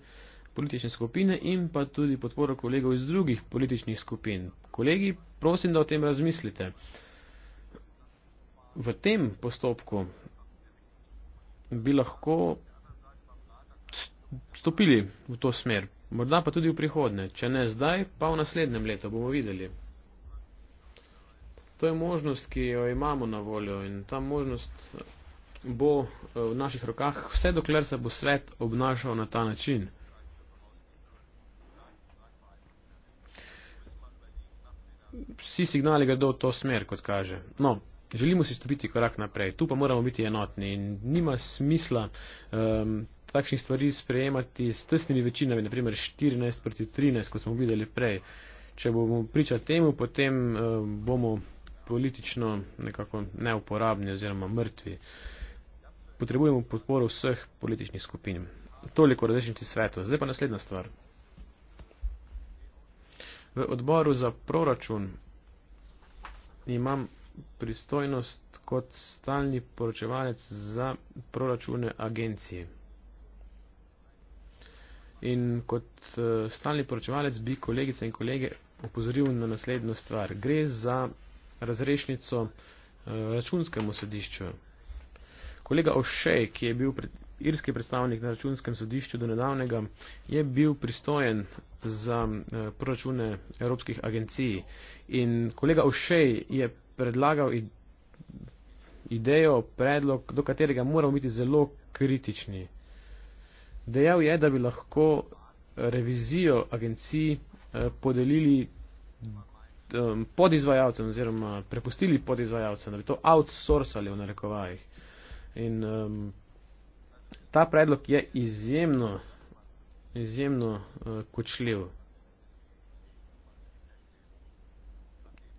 S2: politične skupine in pa tudi podporo kolegov iz drugih političnih skupin. Kolegi, prosim, da o tem razmislite. V tem postopku bi lahko stopili v to smer, morda pa tudi v prihodnje, če ne zdaj, pa v naslednjem letu bomo videli. To je možnost, ki jo imamo na voljo in ta možnost bo eh, v naših rokah, vse dokler se bo svet obnašal na ta način. Vsi signali gredo v to smer, kot kaže. No, želimo si stopiti korak naprej, tu pa moramo biti enotni in nima smisla um, takšnih stvari sprejemati s tesnimi večinami, naprimer 14 proti 13, kot smo videli prej. Če bomo priča temu, potem eh, bomo politično nekako neuporabni oziroma mrtvi. Potrebujemo podporo vseh političnih skupin. Toliko različnih svetov. Zdaj pa naslednja stvar. V odboru za proračun imam pristojnost kot stalni poročevalec za proračune agencije. In kot eh, stalni poročevalec bi kolegice in kolege opozoril na naslednjo stvar. Gre za razrešnico eh, računskemu sodišču. Kolega Ošej, ki je bil pred, irski predstavnik na računskem sodišču do nedavnega, je bil pristojen za eh, proračune evropskih agencij. In kolega Ošej je predlagal idejo, predlog, do katerega moramo biti zelo kritični. Dejal je, da bi lahko eh, revizijo agenciji eh, podelili podizvajalcem oziroma prepustili podizvajalcem, da bi to outsourcali v narekovajih. In um, ta predlog je izjemno, izjemno uh, kočljiv.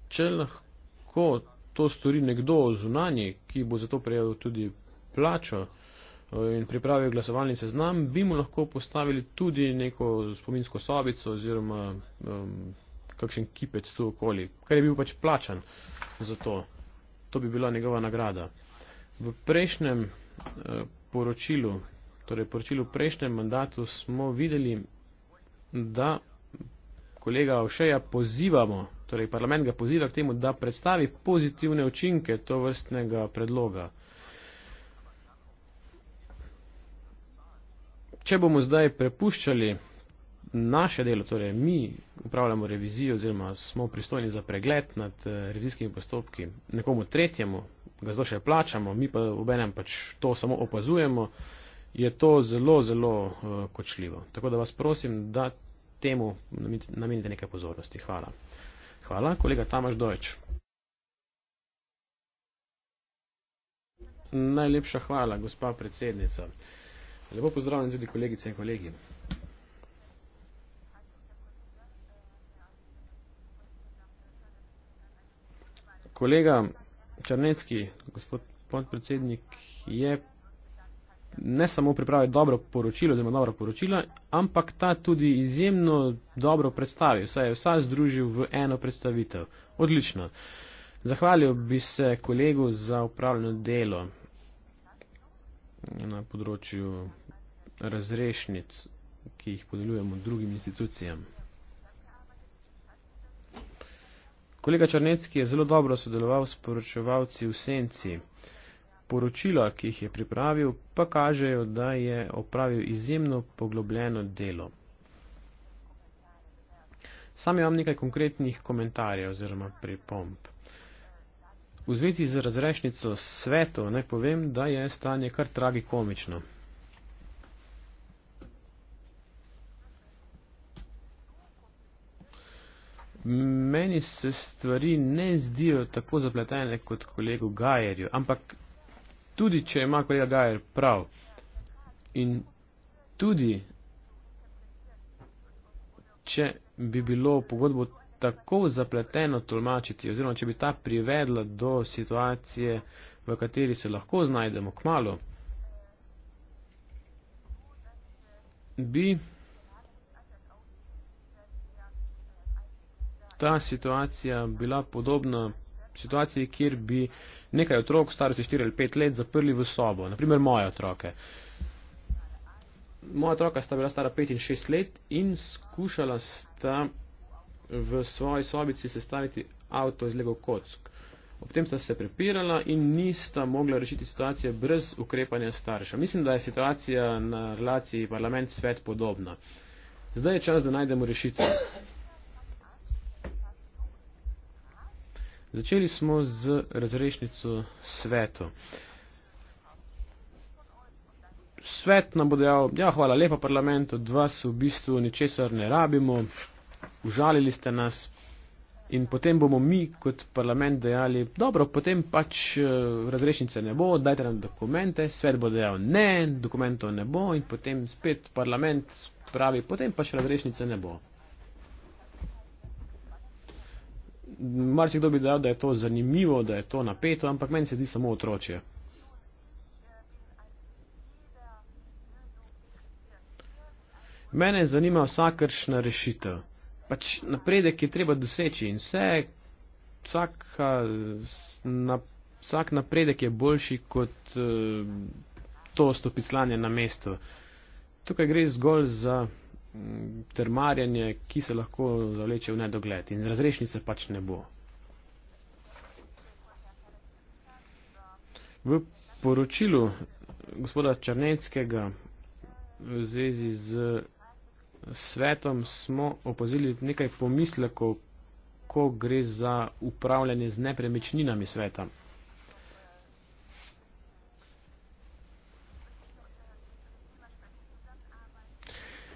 S2: Če lahko to stori nekdo zunanji, ki bo za to prejel tudi plačo, in pripravil glasovalni seznam, bi mu lahko postavili tudi neko spominsko sobico oziroma um, kakšen kipec tu okoli, kar je bil pač plačan za to. To bi bila njegova nagrada. V prejšnjem uh, poročilu, torej poročilu prejšnjem mandatu smo videli, da kolega Ošeja pozivamo, torej parlament ga poziva k temu, da predstavi pozitivne učinke to vrstnega predloga. če bomo zdaj prepuščali naše delo, torej mi upravljamo revizijo oziroma smo pristojni za pregled nad eh, revizijskimi postopki nekomu tretjemu, ga zelo še plačamo, mi pa v enem pač to samo opazujemo, je to zelo, zelo uh, kočljivo. Tako da vas prosim, da temu namenite nekaj pozornosti. Hvala. Hvala, kolega Tamaš Dojč. Najlepša hvala, gospa predsednica. Lepo pozdravljam tudi kolegice in kolegi. Kolega Črnecki, gospod podpredsednik, je ne samo pripravil dobro poročilo, zelo dobro poročilo, ampak ta tudi izjemno dobro predstavil, saj je vsa združil v eno predstavitev. Odlično. Zahvalil bi se kolegu za upravljeno delo na področju razrešnic, ki jih podeljujemo drugim institucijam. Kolega Črnecki je zelo dobro sodeloval s poročevalci v Senci. Poročila, ki jih je pripravil, pa kažejo, da je opravil izjemno poglobljeno delo. Sam imam nekaj konkretnih komentarjev oziroma pripomb. V zvezi z razrešnico svetov naj povem, da je stanje kar tragikomično. Meni se stvari ne zdijo tako zapletene kot kolegu Gajerju, ampak tudi, če ima kolega Gajer prav in tudi, če bi bilo pogodbo tako zapleteno tolmačiti, oziroma če bi ta privedla do situacije, v kateri se lahko znajdemo k malu, bi ta situacija bila podobna situaciji, kjer bi nekaj otrok, starosti 4 ali 5 let, zaprli v sobo, naprimer moje otroke. Moja otroka sta bila stara 5 in 6 let in skušala sta v svoji sobici sestaviti avto iz lego kock. Ob tem sta se prepirala in nista mogla rešiti situacije brez ukrepanja starša. Mislim, da je situacija na relaciji parlament-svet podobna. Zdaj je čas, da najdemo rešitev. Začeli smo z razrešnico sveto. Svet nam bo dejal, ja, hvala lepa parlamentu, od vas v bistvu ničesar ne rabimo užalili ste nas in potem bomo mi kot parlament dejali, dobro, potem pač eh, razrešnice ne bo, dajte nam dokumente, svet bo dejal ne, dokumentov ne bo in potem spet parlament pravi, potem pač razrešnice ne bo. Mar si kdo bi dejal, da je to zanimivo, da je to napeto, ampak meni se zdi samo otročje. Mene zanima vsakršna rešitev pač napredek je treba doseči in vse, vsaka, na, vsak napredek je boljši kot uh, to stopiclanje na mestu. Tukaj gre zgolj za mm, termarjanje, ki se lahko zaleče v nedogled in razrešnice pač ne bo. V poročilu gospoda Črneckega v zvezi z svetom smo opazili nekaj pomislekov, ko gre za upravljanje z nepremičninami sveta.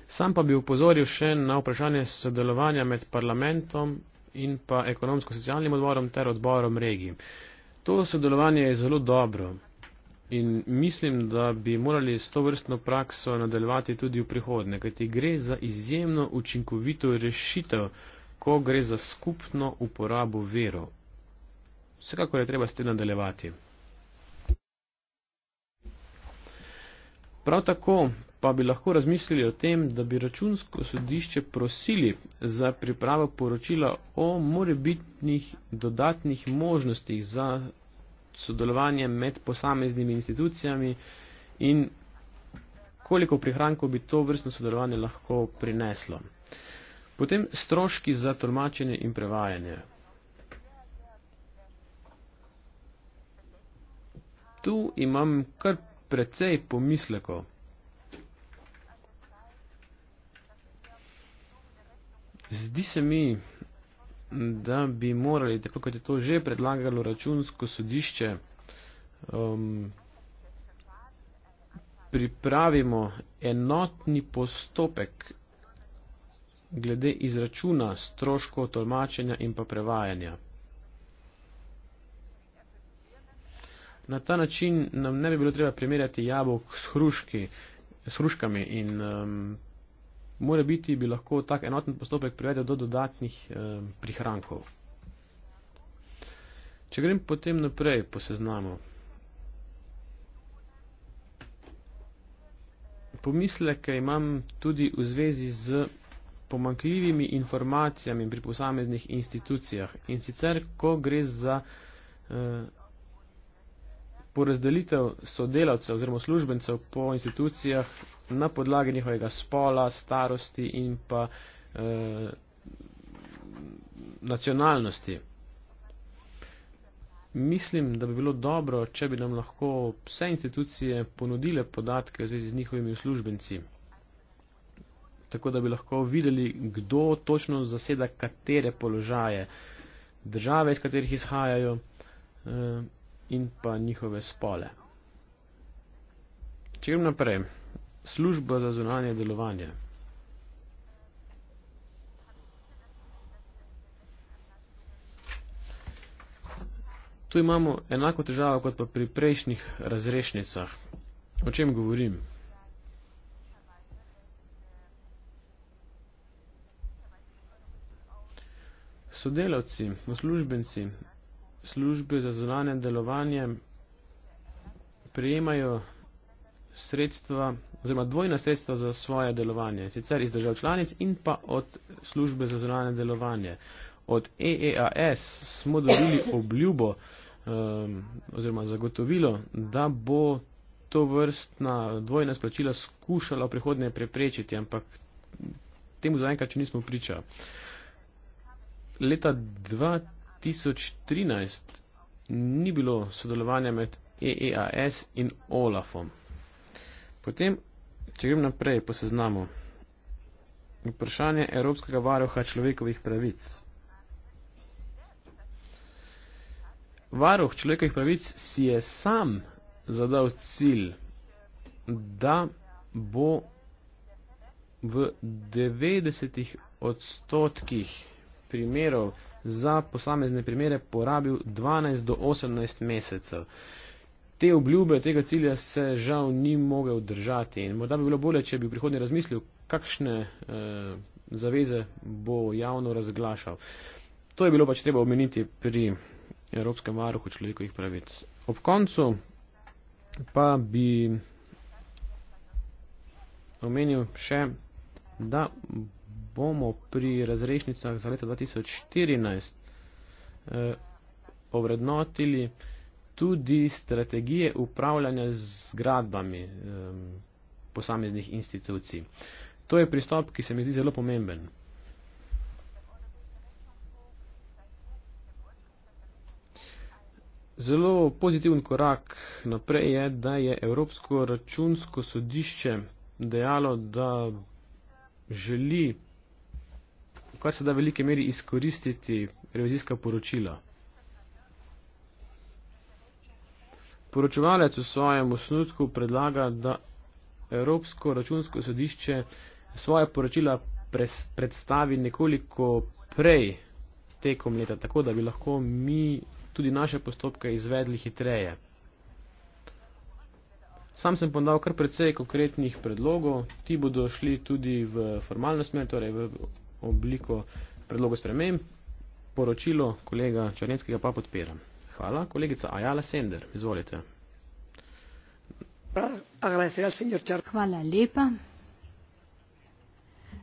S2: Sam pa bi upozoril še na vprašanje sodelovanja med parlamentom in pa ekonomsko-socialnim odborom ter odborom regij. To sodelovanje je zelo dobro in mislim, da bi morali s to vrstno prakso nadaljevati tudi v prihodnje, kajti gre za izjemno učinkovito rešitev, ko gre za skupno uporabo vero. Vsekakor je treba s tem nadaljevati. Prav tako pa bi lahko razmislili o tem, da bi računsko sodišče prosili za pripravo poročila o morebitnih dodatnih možnostih za sodelovanje med posameznimi institucijami in koliko prihrankov bi to vrstno sodelovanje lahko prineslo. Potem stroški za tolmačenje in prevajanje. Tu imam kar precej pomisleko. Zdi se mi, da bi morali, tako kot je to že predlagalo računsko sodišče, um, pripravimo enotni postopek glede izračuna stroškov tolmačenja in pa prevajanja. Na ta način nam ne bi bilo treba primerjati jabolk s, hruški, s hruškami in um, mora biti, bi lahko tak enoten postopek privedel do dodatnih eh, prihrankov. Če grem potem naprej po seznamu. Pomisleke imam tudi v zvezi z pomankljivimi informacijami pri posameznih institucijah in sicer, ko gre za eh, porazdelitev sodelavcev oziroma službencev po institucijah na podlagi njihovega spola, starosti in pa eh, nacionalnosti. Mislim, da bi bilo dobro, če bi nam lahko vse institucije ponudile podatke v zvezi z njihovimi uslužbenci, tako da bi lahko videli, kdo točno zaseda katere položaje, države, iz katerih izhajajo eh, in pa njihove spole. Če grem naprej služba za zunanje delovanje. Tu imamo enako težavo kot pa pri prejšnjih razrešnicah. O čem govorim? Sodelavci, uslužbenci službe za zunanje delovanje prijemajo sredstva oziroma dvojna sredstva za svoje delovanje, sicer iz držav članic in pa od službe za zunanje delovanje. Od EEAS smo dobili obljubo um, oziroma zagotovilo, da bo to vrstna dvojna splačila skušala v prihodnje preprečiti, ampak temu zaenkrat še nismo priča. Leta 2013 ni bilo sodelovanja med EEAS in OLAFom. Potem, če grem naprej po seznamu, vprašanje Evropskega varuha človekovih pravic. Varuh človekovih pravic si je sam zadal cilj, da bo v 90 odstotkih primerov za posamezne primere porabil 12 do 18 mesecev te obljube, tega cilja se žal ni mogel držati in morda bi bilo bolje, če bi v prihodnje razmislil, kakšne eh, zaveze bo javno razglašal. To je bilo pač treba omeniti pri Evropskem varuhu človekovih pravic. Ob koncu pa bi omenil še, da bomo pri razrešnicah za leto 2014 eh, ovrednotili tudi strategije upravljanja z zgradbami um, posameznih institucij. To je pristop, ki se mi zdi zelo pomemben. Zelo pozitiven korak naprej je, da je Evropsko računsko sodišče dejalo, da želi v kar se da velike meri izkoristiti revizijska poročila. Poročevalec v svojem osnutku predlaga, da Evropsko računsko sodišče svoje poročila pres, predstavi nekoliko prej tekom leta, tako da bi lahko mi tudi naše postopke izvedli hitreje. Sam sem podal kar precej konkretnih predlogov, ti bodo šli tudi v formalno smer, torej v obliko predlogov sprememb. Poročilo kolega Črnetskega pa podpiram. Hvala. Kolegica Ajala Sender, izvolite.
S3: Hvala lepa.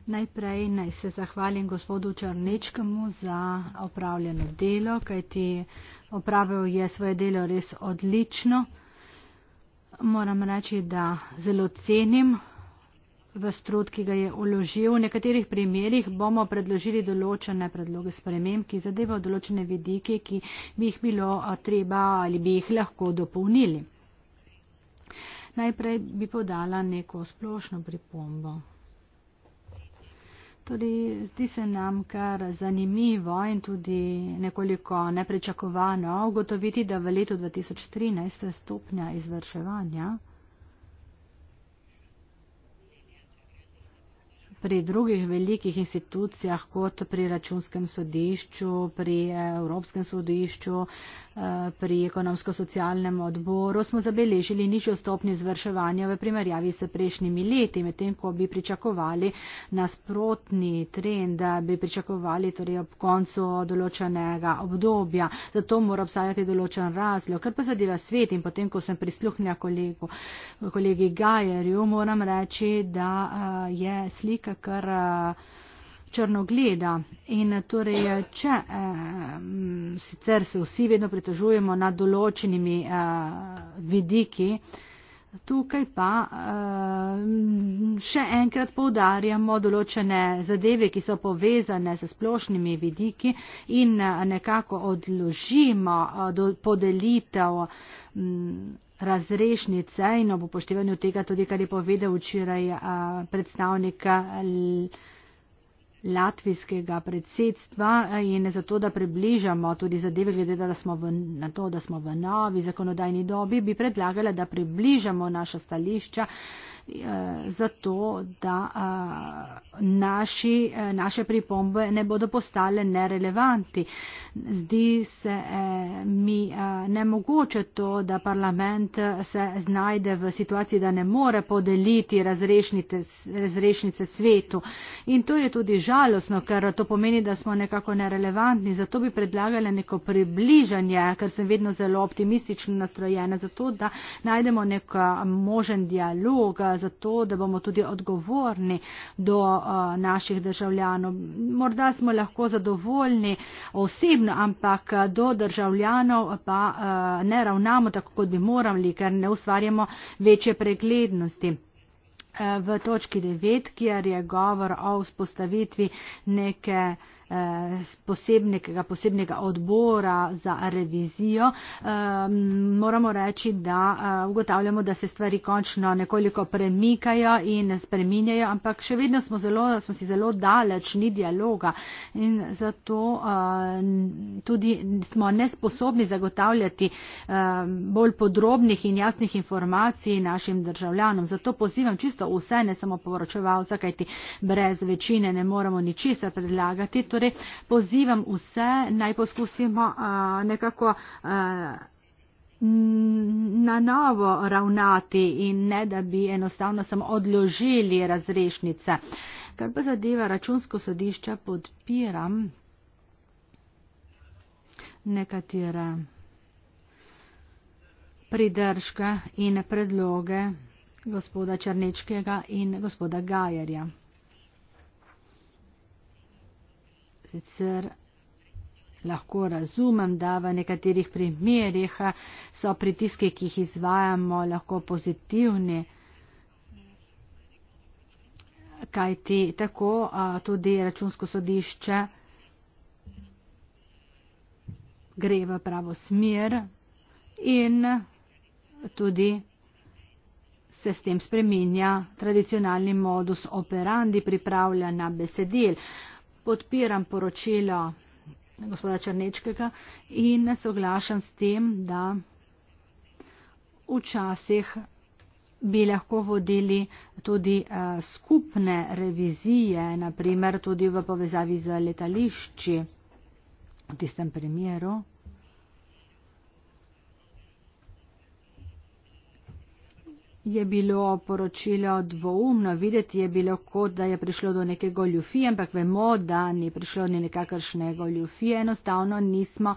S3: Najprej naj se zahvalim gospodu Črnečkemu za opravljeno delo, kajti opravil je svoje delo res odlično. Moram reči, da zelo cenim vse trud, ki ga je uložil. V nekaterih primerjih bomo predložili določene predloge sprememb, ki zadevajo določene vidike, ki bi jih bilo treba ali bi jih lahko dopolnili. Najprej bi podala neko splošno pripombo. Torej, zdi se nam kar zanimivo in tudi nekoliko nepričakovano ugotoviti, da v letu 2013 stopnja izvrševanja pri drugih velikih institucijah, kot pri računskem sodišču, pri Evropskem sodišču, eh, pri ekonomsko-socialnem odboru, smo zabeležili nižjo stopnjo izvrševanja v primerjavi s prejšnjimi leti, medtem ko bi pričakovali nasprotni trend, da bi pričakovali torej ob koncu določenega obdobja. Zato mora obstajati določen razlog. Kar pa zadeva svet in potem, ko sem prisluhnila kolegu, kolegi Gajerju, moram reči, da eh, je slika nekaj, kar eh, črno gleda. In torej, eh, če eh, sicer se vsi vedno pritožujemo nad določenimi vidiki, Tukaj pa še enkrat povdarjamo določene zadeve, ki so povezane s splošnimi vidiki in nekako odložimo podelitev mm, razrešnice in ob upoštevanju tega tudi, kar je povedal včeraj predstavnika latvijskega predsedstva in zato, da približamo tudi zadeve glede da smo v, na to, da smo v novi zakonodajni dobi, bi predlagala, da približamo naša stališča Eh, zato, da eh, naši, eh, naše pripombe ne bodo postale nerelevanti. Zdi se mi nemogoče to, da parlament se znajde v situaciji, da ne more podeliti razrešnice svetu. In to je tudi žalostno, ker to pomeni, da smo nekako nerelevantni. Zato bi predlagala neko približanje, ker sem vedno zelo optimistično nastrojena, zato da najdemo nek možen dialog za to, da bomo tudi odgovorni do eh, naših državljanov. Morda smo lahko zadovoljni osebno, ampak eh, do državljanov pa eh, ne ravnamo tako, kot bi morali, ker ne ustvarjamo večje preglednosti. V točki 9, kjer je govor o vzpostavitvi neke posebnega, posebnega odbora za revizijo, moramo reči, da eh, ugotavljamo, da se stvari končno nekoliko premikajo in spreminjajo, ampak še vedno smo, zelo, smo si zelo daleč, ni dialoga in zato tudi smo nesposobni zagotavljati bolj podrobnih in jasnih informacij našim državljanom. Zato pozivam čisto vse, ne samo poročevalce, kajti brez večine ne moremo ničesar predlagati. Torej torej pozivam vse, naj poskusimo uh, nekako. Uh, na novo ravnati in ne da bi enostavno samo odložili razrešnice. Kar pa zadeva računsko sodišče, podpiram nekatere pridržke in predloge gospoda Črnečkega in gospoda Gajerja. sicer lahko razumem, da v nekaterih primerjih so pritiske, ki jih izvajamo, lahko pozitivni. Kaj ti tako tudi računsko sodišče gre v pravo smer in tudi se s tem spreminja tradicionalni modus operandi pripravlja na besedil podpiram poročilo gospoda Črnečkega in ne soglašam s tem, da včasih bi lahko vodili tudi uh, skupne revizije, naprimer tudi v povezavi z letališči v tistem primeru. Je bilo poročilo dvoumno, videti je bilo kot, da je prišlo do neke goljufije, ampak vemo, da ni prišlo ni nekakršne goljufije, enostavno nismo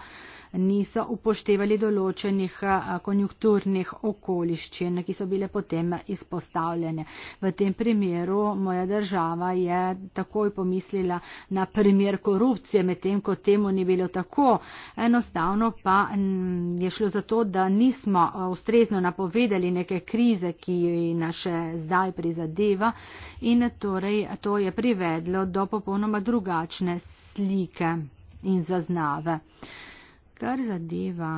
S3: niso upoštevali določenih konjunkturnih okoliščin, ki so bile potem izpostavljene. V tem primeru moja država je takoj pomislila na primer korupcije, medtem ko temu ni bilo tako. Enostavno pa je šlo za to, da nismo ustrezno napovedali neke krize, ki nas še zdaj prizadeva in torej to je privedlo do popolnoma drugačne slike in zaznave kar zadeva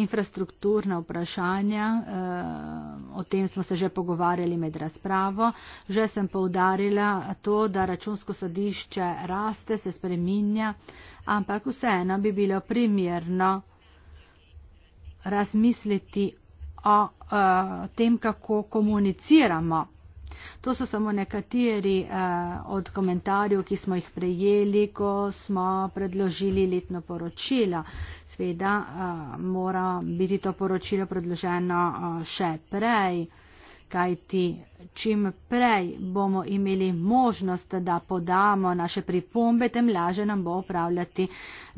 S3: infrastrukturna vprašanja, eh, o tem smo se že pogovarjali med razpravo, že sem poudarila to, da računsko sodišče raste, se spreminja, ampak vseeno bi bilo primerno razmisliti o eh, tem, kako komuniciramo To so samo nekateri eh, od komentarjev, ki smo jih prejeli, ko smo predložili letno poročilo. Sveda eh, mora biti to poročilo predloženo eh, še prej, kajti čim prej bomo imeli možnost, da podamo naše pripombe, tem laže nam bo upravljati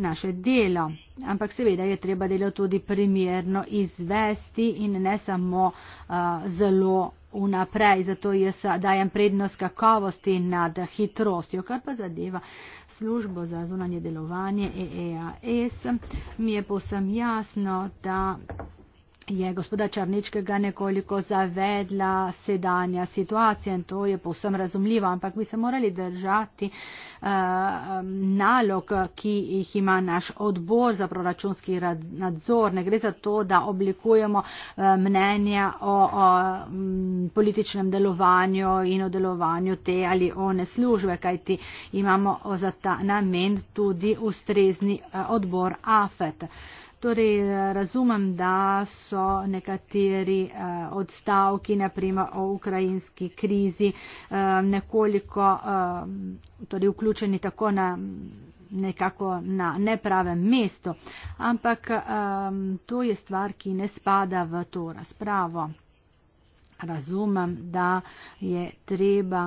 S3: naše delo. Ampak seveda je treba delo tudi primerno izvesti in ne samo eh, zelo vnaprej, zato jaz dajem prednost kakovosti nad hitrostjo, kar pa zadeva službo za zunanje delovanje EEAS. Mi je povsem jasno, da je gospoda Črničkega nekoliko zavedla sedanja situacija in to je povsem razumljivo, ampak bi se morali držati uh, nalog, ki jih ima naš odbor za proračunski nadzor. Ne gre za to, da oblikujemo uh, mnenja o, o m, mm, političnem delovanju in o delovanju te ali one službe, kajti imamo za ta namen tudi ustrezni uh, odbor AFET. Uh, Torej, razumem, da so nekateri eh, odstavki, naprimer o ukrajinski krizi, eh, nekoliko eh, torej, vključeni tako na nekako na nepravem mestu. Ampak um, to je stvar, ki ne spada v to razpravo. Razumem, da je treba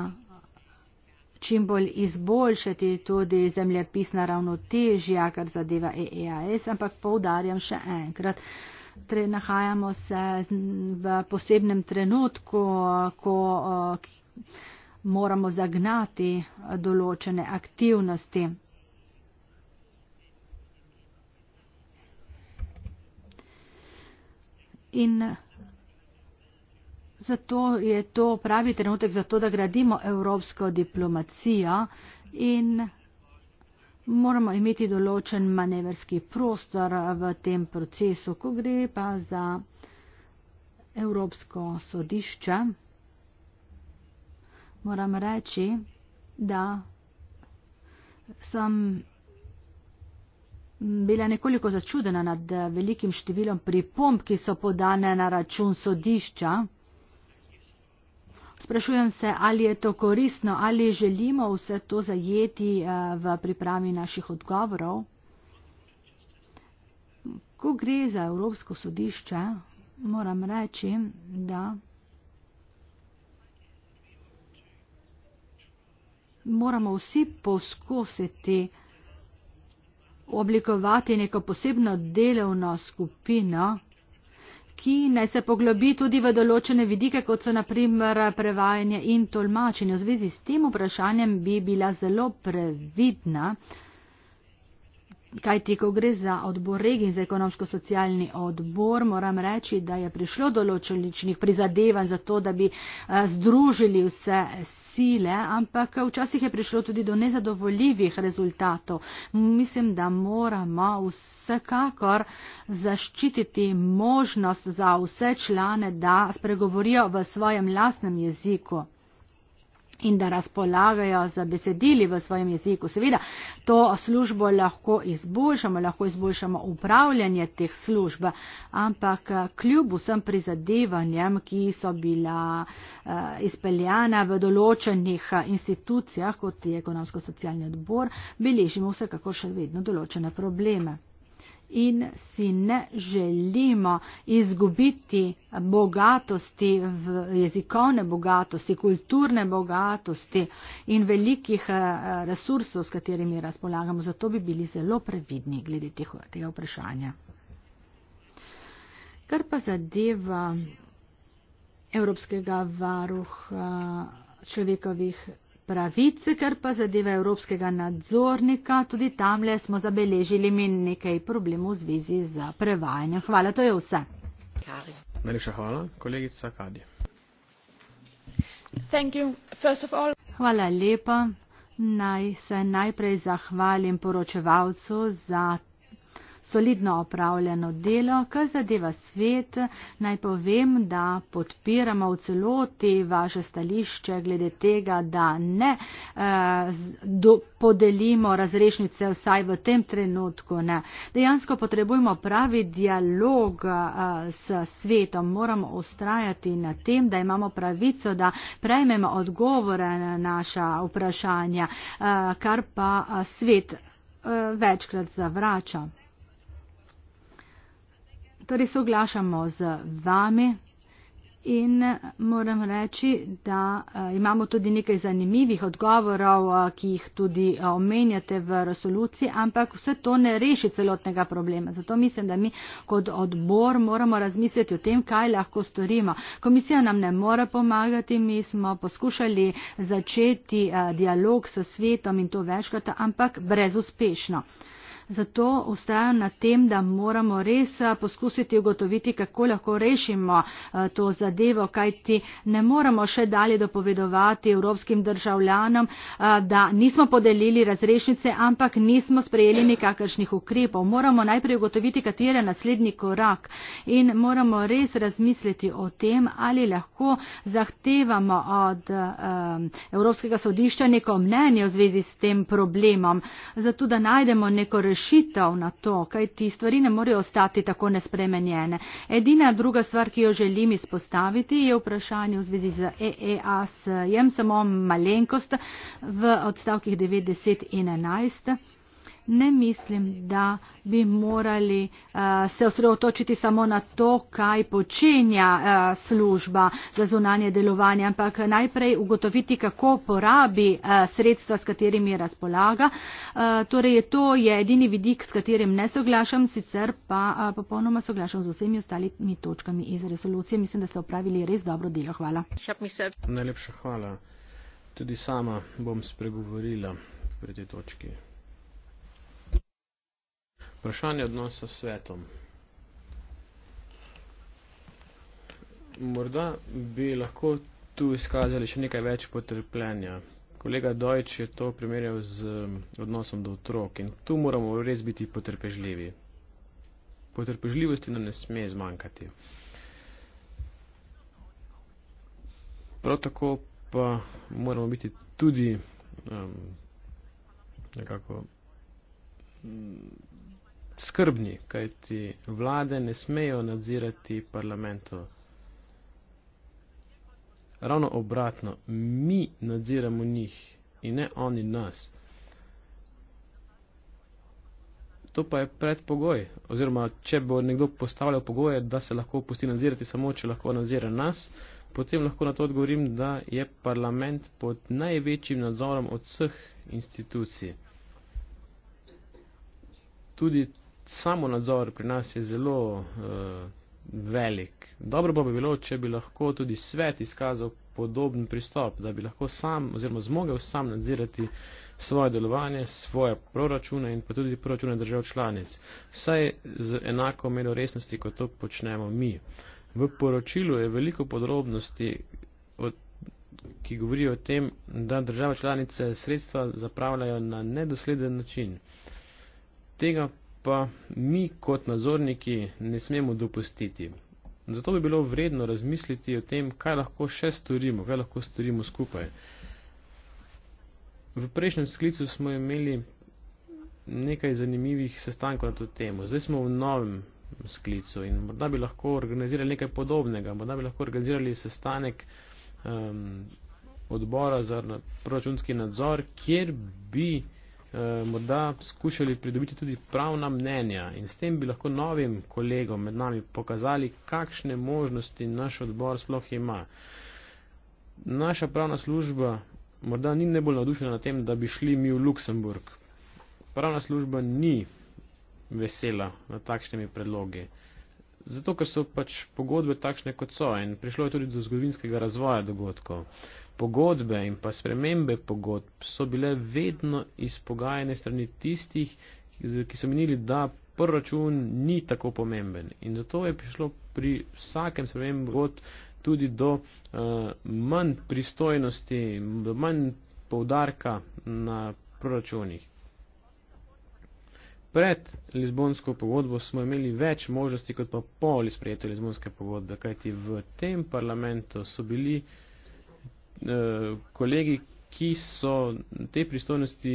S3: čim bolj izboljšati tudi zemljepisna ravnotežja, kar zadeva EEAS, ampak poudarjam še enkrat. Nahajamo se v posebnem trenutku, ko moramo zagnati določene aktivnosti. In Zato je to pravi trenutek za to, da gradimo evropsko diplomacijo in moramo imeti določen manevrski prostor v tem procesu, ko gre pa za Evropsko sodišče. Moram reči, da sem bila nekoliko začudena nad velikim številom pripomb, ki so podane na račun sodišča. Sprašujem se, ali je to koristno, ali želimo vse to zajeti eh, v pripravi naših odgovorov. Ko gre za Evropsko sodišče, moram reči, da moramo vsi poskusiti oblikovati neko posebno delovno skupino, ki naj se poglobi tudi v določene vidike, kot so naprimer prevajanje in tolmačenje. V zvezi s tem vprašanjem bi bila zelo previdna. Kaj ti, ko gre za odbor regij za ekonomsko-socialni odbor, moram reči, da je prišlo določenih prizadevanj za to, da bi eh, združili vse sile, ampak včasih je prišlo tudi do nezadovoljivih rezultatov. Mislim, da moramo vsekakor zaščititi možnost za vse člane, da spregovorijo v svojem lastnem jeziku in da razpolagajo z besedili v svojem jeziku. Seveda, to službo lahko izboljšamo, lahko izboljšamo upravljanje teh služb, ampak eh, kljub vsem prizadevanjem, ki so bila uh, izpeljana v določenih eh, institucijah, kot je ekonomsko-socialni odbor, beležimo vsekakor še vedno določene probleme in si ne želimo izgubiti bogatosti, jezikovne bogatosti, kulturne bogatosti in velikih eh, resursov, s katerimi razpolagamo. Zato bi bili zelo previdni glede tega vprašanja. Kar pa zadeva Evropskega varuha človekovih pravice, kar pa zadeva evropskega nadzornika, tudi tamle smo zabeležili min nekaj problemov v zvezi z prevajanjem. Hvala, to je vse.
S2: Najlepša hvala, kolegica Kadi.
S3: Hvala lepa. Naj se najprej zahvalim poročevalcu za solidno opravljeno delo, kar zadeva svet, naj povem, da podpiramo v celoti vaše stališče glede tega, da ne eh, do, podelimo razrešnice vsaj v tem trenutku. Ne. Dejansko potrebujemo pravi dialog eh, s svetom, moramo ustrajati na tem, da imamo pravico, da prejmemo odgovore na naša vprašanja, eh, kar pa eh, svet eh, večkrat zavrača. Torej soglašamo z vami in moram reči, da eh, imamo tudi nekaj zanimivih odgovorov, eh, ki jih tudi eh, omenjate v resoluciji, ampak vse to ne reši celotnega problema. Zato mislim, da mi kot odbor moramo razmisliti o tem, kaj lahko storimo. Komisija nam ne more pomagati, mi smo poskušali začeti dialog s svetom in to večkrat, ampak brezuspešno. uspešno. Zato ustrajam na tem, da moramo res eh, poskusiti ugotoviti, kako lahko rešimo eh, to zadevo, kajti ne moramo še dalje dopovedovati evropskim državljanom, eh, da nismo podelili razrešnice, ampak nismo sprejeli nikakršnih ukrepov. Moramo najprej ugotoviti, kater je naslednji korak in moramo res razmisliti o tem, ali lahko zahtevamo od um, Evropskega sodišča neko mnenje v zvezi s tem problemom, zato da najdemo neko rešitev rešitev na to, kaj ti stvari ne morejo ostati tako nespremenjene. Edina druga stvar, ki jo želim izpostaviti, je vprašanje v zvezi z EEA s jem samo malenkost v odstavkih 9, 10 in 11 ne mislim, da bi morali uh, se osredotočiti samo na to, kaj počenja uh, služba za zunanje delovanje, ampak najprej ugotoviti, kako porabi uh, sredstva, s katerimi razpolaga. Uh, torej, je to je edini vidik, s katerim ne soglašam, sicer pa uh, popolnoma soglašam z vsemi ostalimi točkami iz resolucije. Mislim, da ste opravili res dobro delo. Hvala.
S2: Najlepša hvala. Tudi sama bom spregovorila pri tej točki. Vprašanje odnosa s svetom. Morda bi lahko tu izkazali še nekaj več potrpljenja. Kolega Dojč je to primerjal z odnosom do otrok in tu moramo res biti potrpežljivi. Potrpežljivosti nam ne sme zmanjkati. Prav tako pa moramo biti tudi um, nekako. Um, skrbni, kajti vlade ne smejo nadzirati parlamentov. Ravno obratno, mi nadziramo njih in ne oni nas. To pa je predpogoj, oziroma če bo nekdo postavljal pogoje, da se lahko pusti nadzirati samo, če lahko nadzira nas, potem lahko na to odgovorim, da je parlament pod največjim nadzorom od vseh institucij. Tudi samo nadzor pri nas je zelo uh, velik. Dobro pa bi bilo, če bi lahko tudi svet izkazal podoben pristop, da bi lahko sam oziroma zmogel sam nadzirati svoje delovanje, svoje proračune in pa tudi proračune držav članic. Vsaj z enako mero resnosti, kot to počnemo mi. V poročilu je veliko podrobnosti, od, ki govorijo o tem, da države članice sredstva zapravljajo na nedosleden način. Tega pa mi kot nadzorniki ne smemo dopustiti. Zato bi bilo vredno razmisliti o tem, kaj lahko še storimo, kaj lahko storimo skupaj. V prejšnjem sklicu smo imeli nekaj zanimivih sestankov na to temo. Zdaj smo v novem sklicu in morda bi lahko organizirali nekaj podobnega. Morda bi lahko organizirali sestanek um, odbora za proračunski nadzor, kjer bi Eh, morda skušali pridobiti tudi pravna mnenja in s tem bi lahko novim kolegom med nami pokazali, kakšne možnosti naš odbor sploh ima. Naša pravna služba morda ni najbolj navdušena na tem, da bi šli mi v Luksemburg. Pravna služba ni vesela na takšnimi predloge. Zato, ker so pač pogodbe takšne, kot so in prišlo je tudi do zgodovinskega razvoja dogodkov pogodbe in pa spremembe pogodb so bile vedno izpogajene strani tistih, ki so menili, da proračun ni tako pomemben. In zato je prišlo pri vsakem spremembe pogod tudi do uh, manj pristojnosti, do manj povdarka na proračunih. Pred Lizbonsko pogodbo smo imeli več možnosti, kot pa pol izprejeto Lizbonske pogodbe, kajti v tem parlamentu so bili uh, Eh, kolegi, ki so te pristojnosti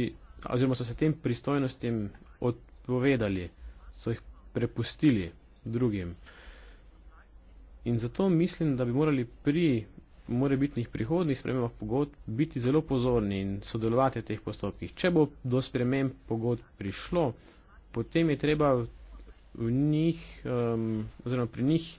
S2: oziroma so se tem pristojnostim odpovedali, so jih prepustili drugim. In zato mislim, da bi morali pri morebitnih prihodnih spremembah pogodb biti zelo pozorni in sodelovati v teh postopkih. Če bo do sprememb pogodb prišlo, potem je treba v njih, um, oziroma pri njih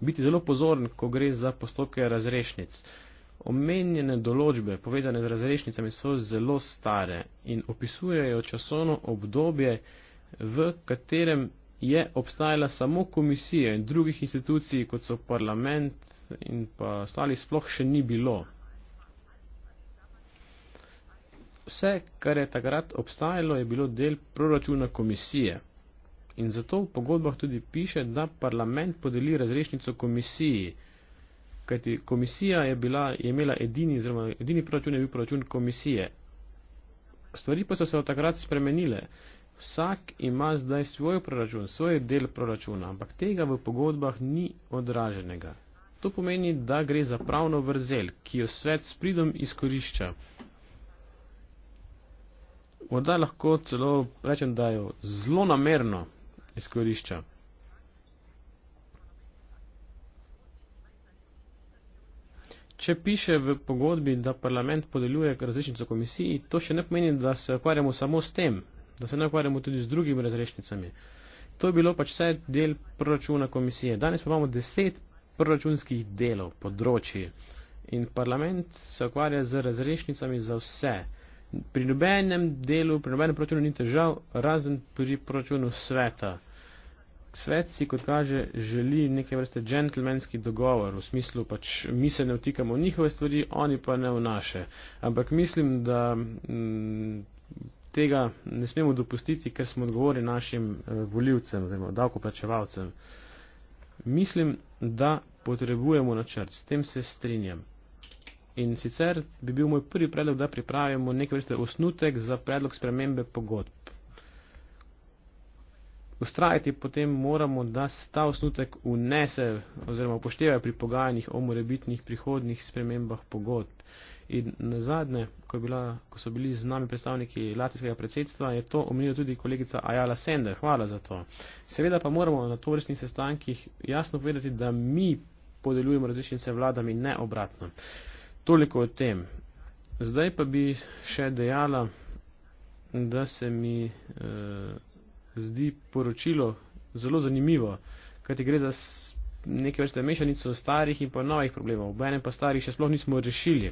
S2: biti zelo pozoren, ko gre za postopke razrešnic. Uh, Omenjene določbe, povezane z razrešnicami, so zelo stare in opisujejo časovno obdobje, v katerem je obstajala samo komisija in drugih institucij, kot so parlament in pa ostali, sploh še ni bilo. Vse, kar je takrat obstajalo, je bilo del proračuna komisije. In zato v pogodbah tudi piše, da parlament podeli razrešnico komisiji kajti komisija je, bila, je imela edini, zrema, edini proračun, je bil proračun komisije. Stvari pa so se od takrat spremenile. Vsak ima zdaj svoj proračun, svoj del proračuna, ampak tega v pogodbah ni odraženega. To pomeni, da gre za pravno vrzel, ki jo svet s pridom izkorišča. Morda lahko celo rečem, da jo zelo namerno izkorišča. če piše v pogodbi, da parlament podeljuje različnico komisiji, to še ne pomeni, da se ukvarjamo samo s tem, da se ne ukvarjamo tudi z drugimi razrešnicami. To je bilo pač vse del proračuna komisije. Danes pa imamo deset proračunskih delov, področji in parlament se ukvarja z razrešnicami za vse. Pri nobenem delu, pri nobenem proračunu ni težav, razen pri proračunu sveta svet si, kot kaže, želi neke vrste džentlmenski dogovor, v smislu pač mi se ne vtikamo v njihove stvari, oni pa ne v naše. Ampak mislim, da mm, tega ne smemo dopustiti, ker smo odgovori našim eh, voljivcem, oziroma davkoplačevalcem. Mislim, da potrebujemo načrt, s tem se strinjam. In sicer bi bil moj prvi predlog, da pripravimo neke vrste osnutek za predlog spremembe pogodb ustrajati, potem moramo, da se ta osnutek unese oziroma upošteva pri pogajanjih o morebitnih prihodnih spremembah pogodb. In na zadnje, ko, ko so bili z nami predstavniki latvijskega predsedstva, je to omenila tudi kolegica Ajala Sender. Hvala za to. Seveda pa moramo na tovrstnih sestankih jasno povedati, da mi podeljujemo različnice vladami, ne obratno. Toliko o tem. Zdaj pa bi še dejala, da se mi. Eh, zdi poročilo zelo zanimivo, kajti gre za nekaj vrste mešanico starih in pa novih problemov. V enem pa starih še sploh nismo rešili.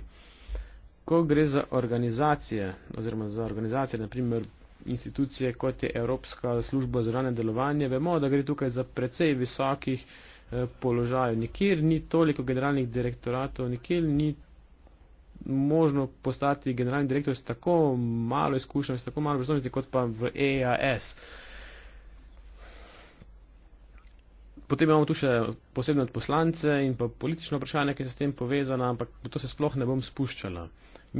S2: Ko gre za organizacije, oziroma za organizacije, naprimer institucije kot je Evropska služba za ranje delovanje, vemo, da gre tukaj za precej visokih eh, položajev. Nikjer ni toliko generalnih direktoratov, nikjer ni možno postati generalni direktor s tako malo izkušnjami, s tako malo predstavnosti kot pa v EAS. Potem imamo tu še posebne poslance in pa politično vprašanje, ki so s tem povezana, ampak to se sploh ne bom spuščala.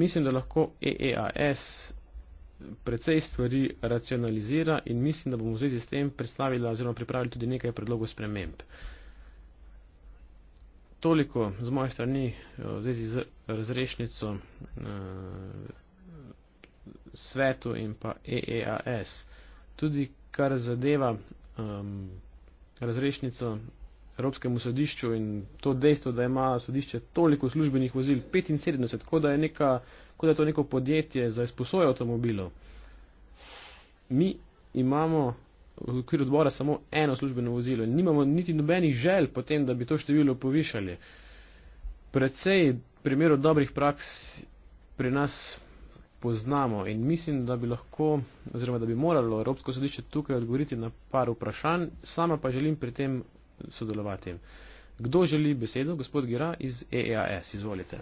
S2: Mislim, da lahko EEAS precej stvari racionalizira in mislim, da bomo v zvezi s tem predstavili oziroma pripravili tudi nekaj predlogov sprememb. Toliko z moje strani eh, v zvezi z razrešnico eh, svetu in pa EEAS. Tudi kar zadeva. Eh, razrešnico Evropskemu sodišču in to dejstvo, da ima sodišče toliko službenih vozil, 75, kot da, ko da je to neko podjetje za izposojo avtomobilov. Mi imamo v okviru odbora samo eno službeno vozilo in nimamo niti nobenih žel potem, da bi to število povišali. Predvsej primerov dobrih praks pri nas poznamo. In mislim, da bi lahko, oziroma da bi moralo Evropsko sodišče tukaj odgovoriti na par vprašanj, sama pa želim pri tem sodelovati. Kdo želi besedo? Gospod Gira iz EEAS, izvolite.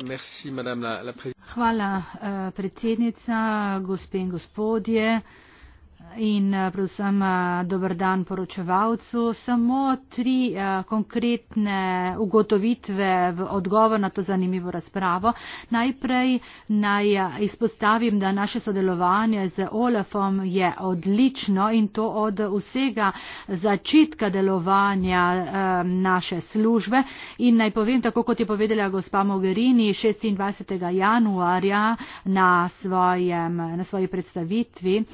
S2: Eh,
S3: Hvala, eh, predsednica, gospe in gospodje in eh, predvsem eh, dober dan poročevalcu. Samo tri eh, konkretne ugotovitve v odgovor na to zanimivo razpravo. Najprej naj izpostavim, da naše sodelovanje z Olafom je odlično in to od vsega začetka delovanja naše službe. In naj povem, tako kot je povedala gospa Mogherini 26. januarja na, svojem, na svoji predstavitvi,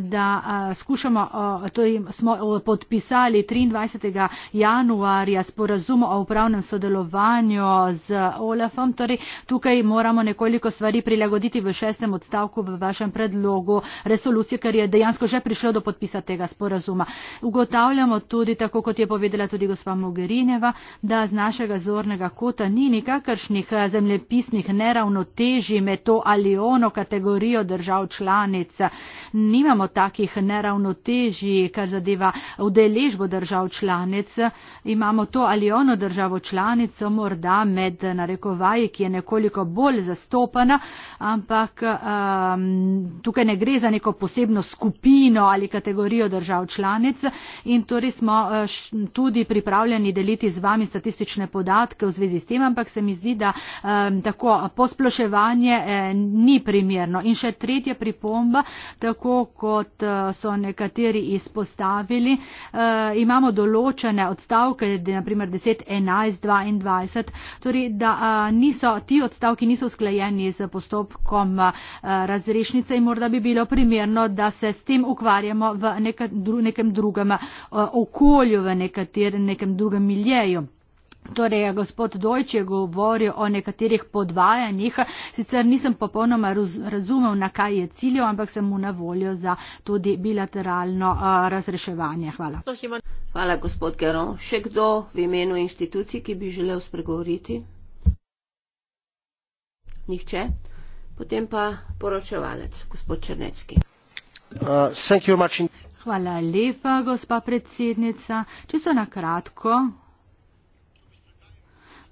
S3: da uh, skušamo, uh, torej smo podpisali 23. januarja sporazum o upravnem sodelovanju z OLAF-om. Torej, tukaj moramo nekoliko stvari prilagoditi v šestem odstavku v vašem predlogu resolucije, ker je dejansko že prišlo do podpisa tega sporazuma. Ugotavljamo tudi, tako kot je povedala tudi gospa Mogherineva, da z našega zornega kota ni nikakršnih eh, zemljepisnih neravnotežij med to ali ono kategorijo držav članic. Nimamo takih nekih neravnotežij, kar zadeva udeležbo držav članic. Imamo to ali ono državo članico, morda med narekovaji, ki je nekoliko bolj zastopana, ampak um, tukaj ne gre za neko posebno skupino ali kategorijo držav članic in torej smo uh, š, tudi pripravljeni deliti z vami statistične podatke v zvezi s tem, ampak se mi zdi, da um, tako posploševanje eh, ni primerno. In še tretja pripomba, tako kot Eh, so nekateri izpostavili. Eh, imamo določene odstavke, naprimer 10, 11, 22, torej da eh, niso, ti odstavki niso sklejeni z postopkom razrešnice in morda bi bilo primerno, da se s tem ukvarjamo v nekem drugem okolju, v nekater, nekem drugem miljeju. Torej, gospod Dojč je govoril o nekaterih podvajanjih, sicer nisem popolnoma razumel, na kaj je ciljo, ampak sem mu na voljo za tudi bilateralno uh, razreševanje. Hvala.
S1: Hvala, gospod Geron. Še kdo v imenu institucij, ki bi želel spregovoriti? Nihče. Potem pa poročevalec, gospod Črnecki.
S2: Uh,
S3: Hvala lepa, gospa predsednica. Čisto na kratko,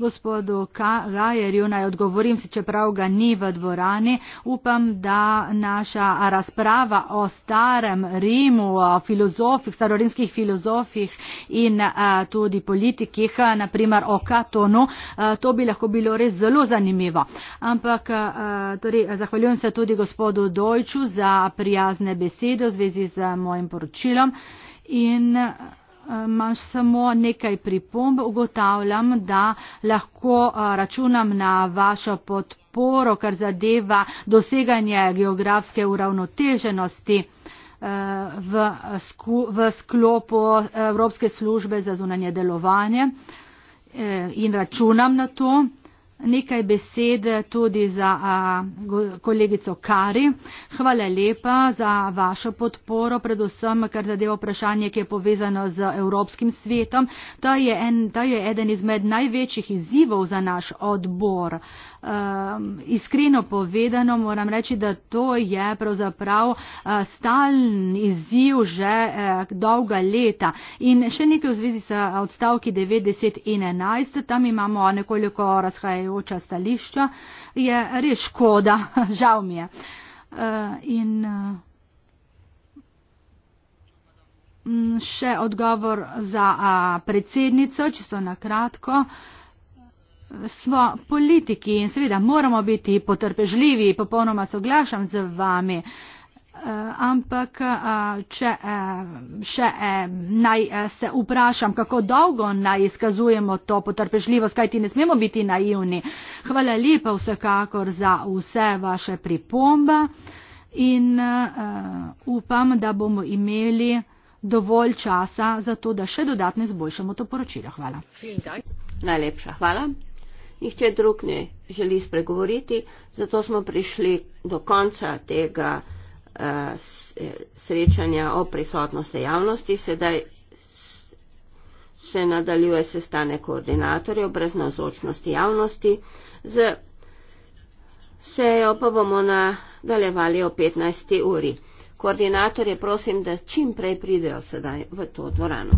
S3: gospodu Kajerju naj odgovorim, čeprav ga ni v dvorani. Upam, da naša razprava o starem Rimu, o filozofih, starorimskih filozofih in a, eh, tudi politikih, eh, naprimer o Katonu, a, eh, to bi lahko bilo res zelo zanimivo. Ampak a, torej, zahvaljujem se tudi gospodu Dojču za prijazne besede v zvezi z mojim poročilom. In, a, imam samo nekaj pripomb. Ugotavljam, da lahko računam na vašo podporo, kar zadeva doseganje geografske uravnoteženosti v, v sklopu Evropske službe za zunanje delovanje e, in računam na to nekaj besed tudi za a, go, kolegico Kari. Hvala lepa za vašo podporo, predvsem kar zadeva vprašanje, ki je povezano z Evropskim svetom. Ta je, en, ta je eden izmed največjih izzivov za naš odbor. A, um, iskreno povedano moram reči, da to je pravzaprav uh, eh, stalen izziv že uh, dolga leta. In še nekaj v zvezi s eh, odstavki 90 in 11, tam imamo nekoliko razhajajoča stališča, je res škoda, žal mi je. Uh, in, uh, Še odgovor za a, predsednico, čisto na kratko. A, smo politiki in seveda moramo biti potrpežljivi, popolnoma soglašam z vami. Uh, ampak, uh, če uh, še uh, naj uh, se vprašam, kako dolgo naj izkazujemo to potrpežljivost, kajti ne smemo biti naivni. Hvala lepa vsekakor za vse vaše pripombe in uh, upam, da bomo imeli dovolj časa za to, da še dodatno izboljšamo to poročilo. Hvala.
S1: Najlepša hvala nihče drug ne želi spregovoriti, zato smo prišli do konca tega eh, srečanja o prisotnosti javnosti. Sedaj se nadaljuje sestane koordinatorjev brez navzočnosti javnosti. Z sejo pa bomo nadaljevali o 15. uri. Koordinatorje prosim, da čim prej pridejo sedaj v to dvorano.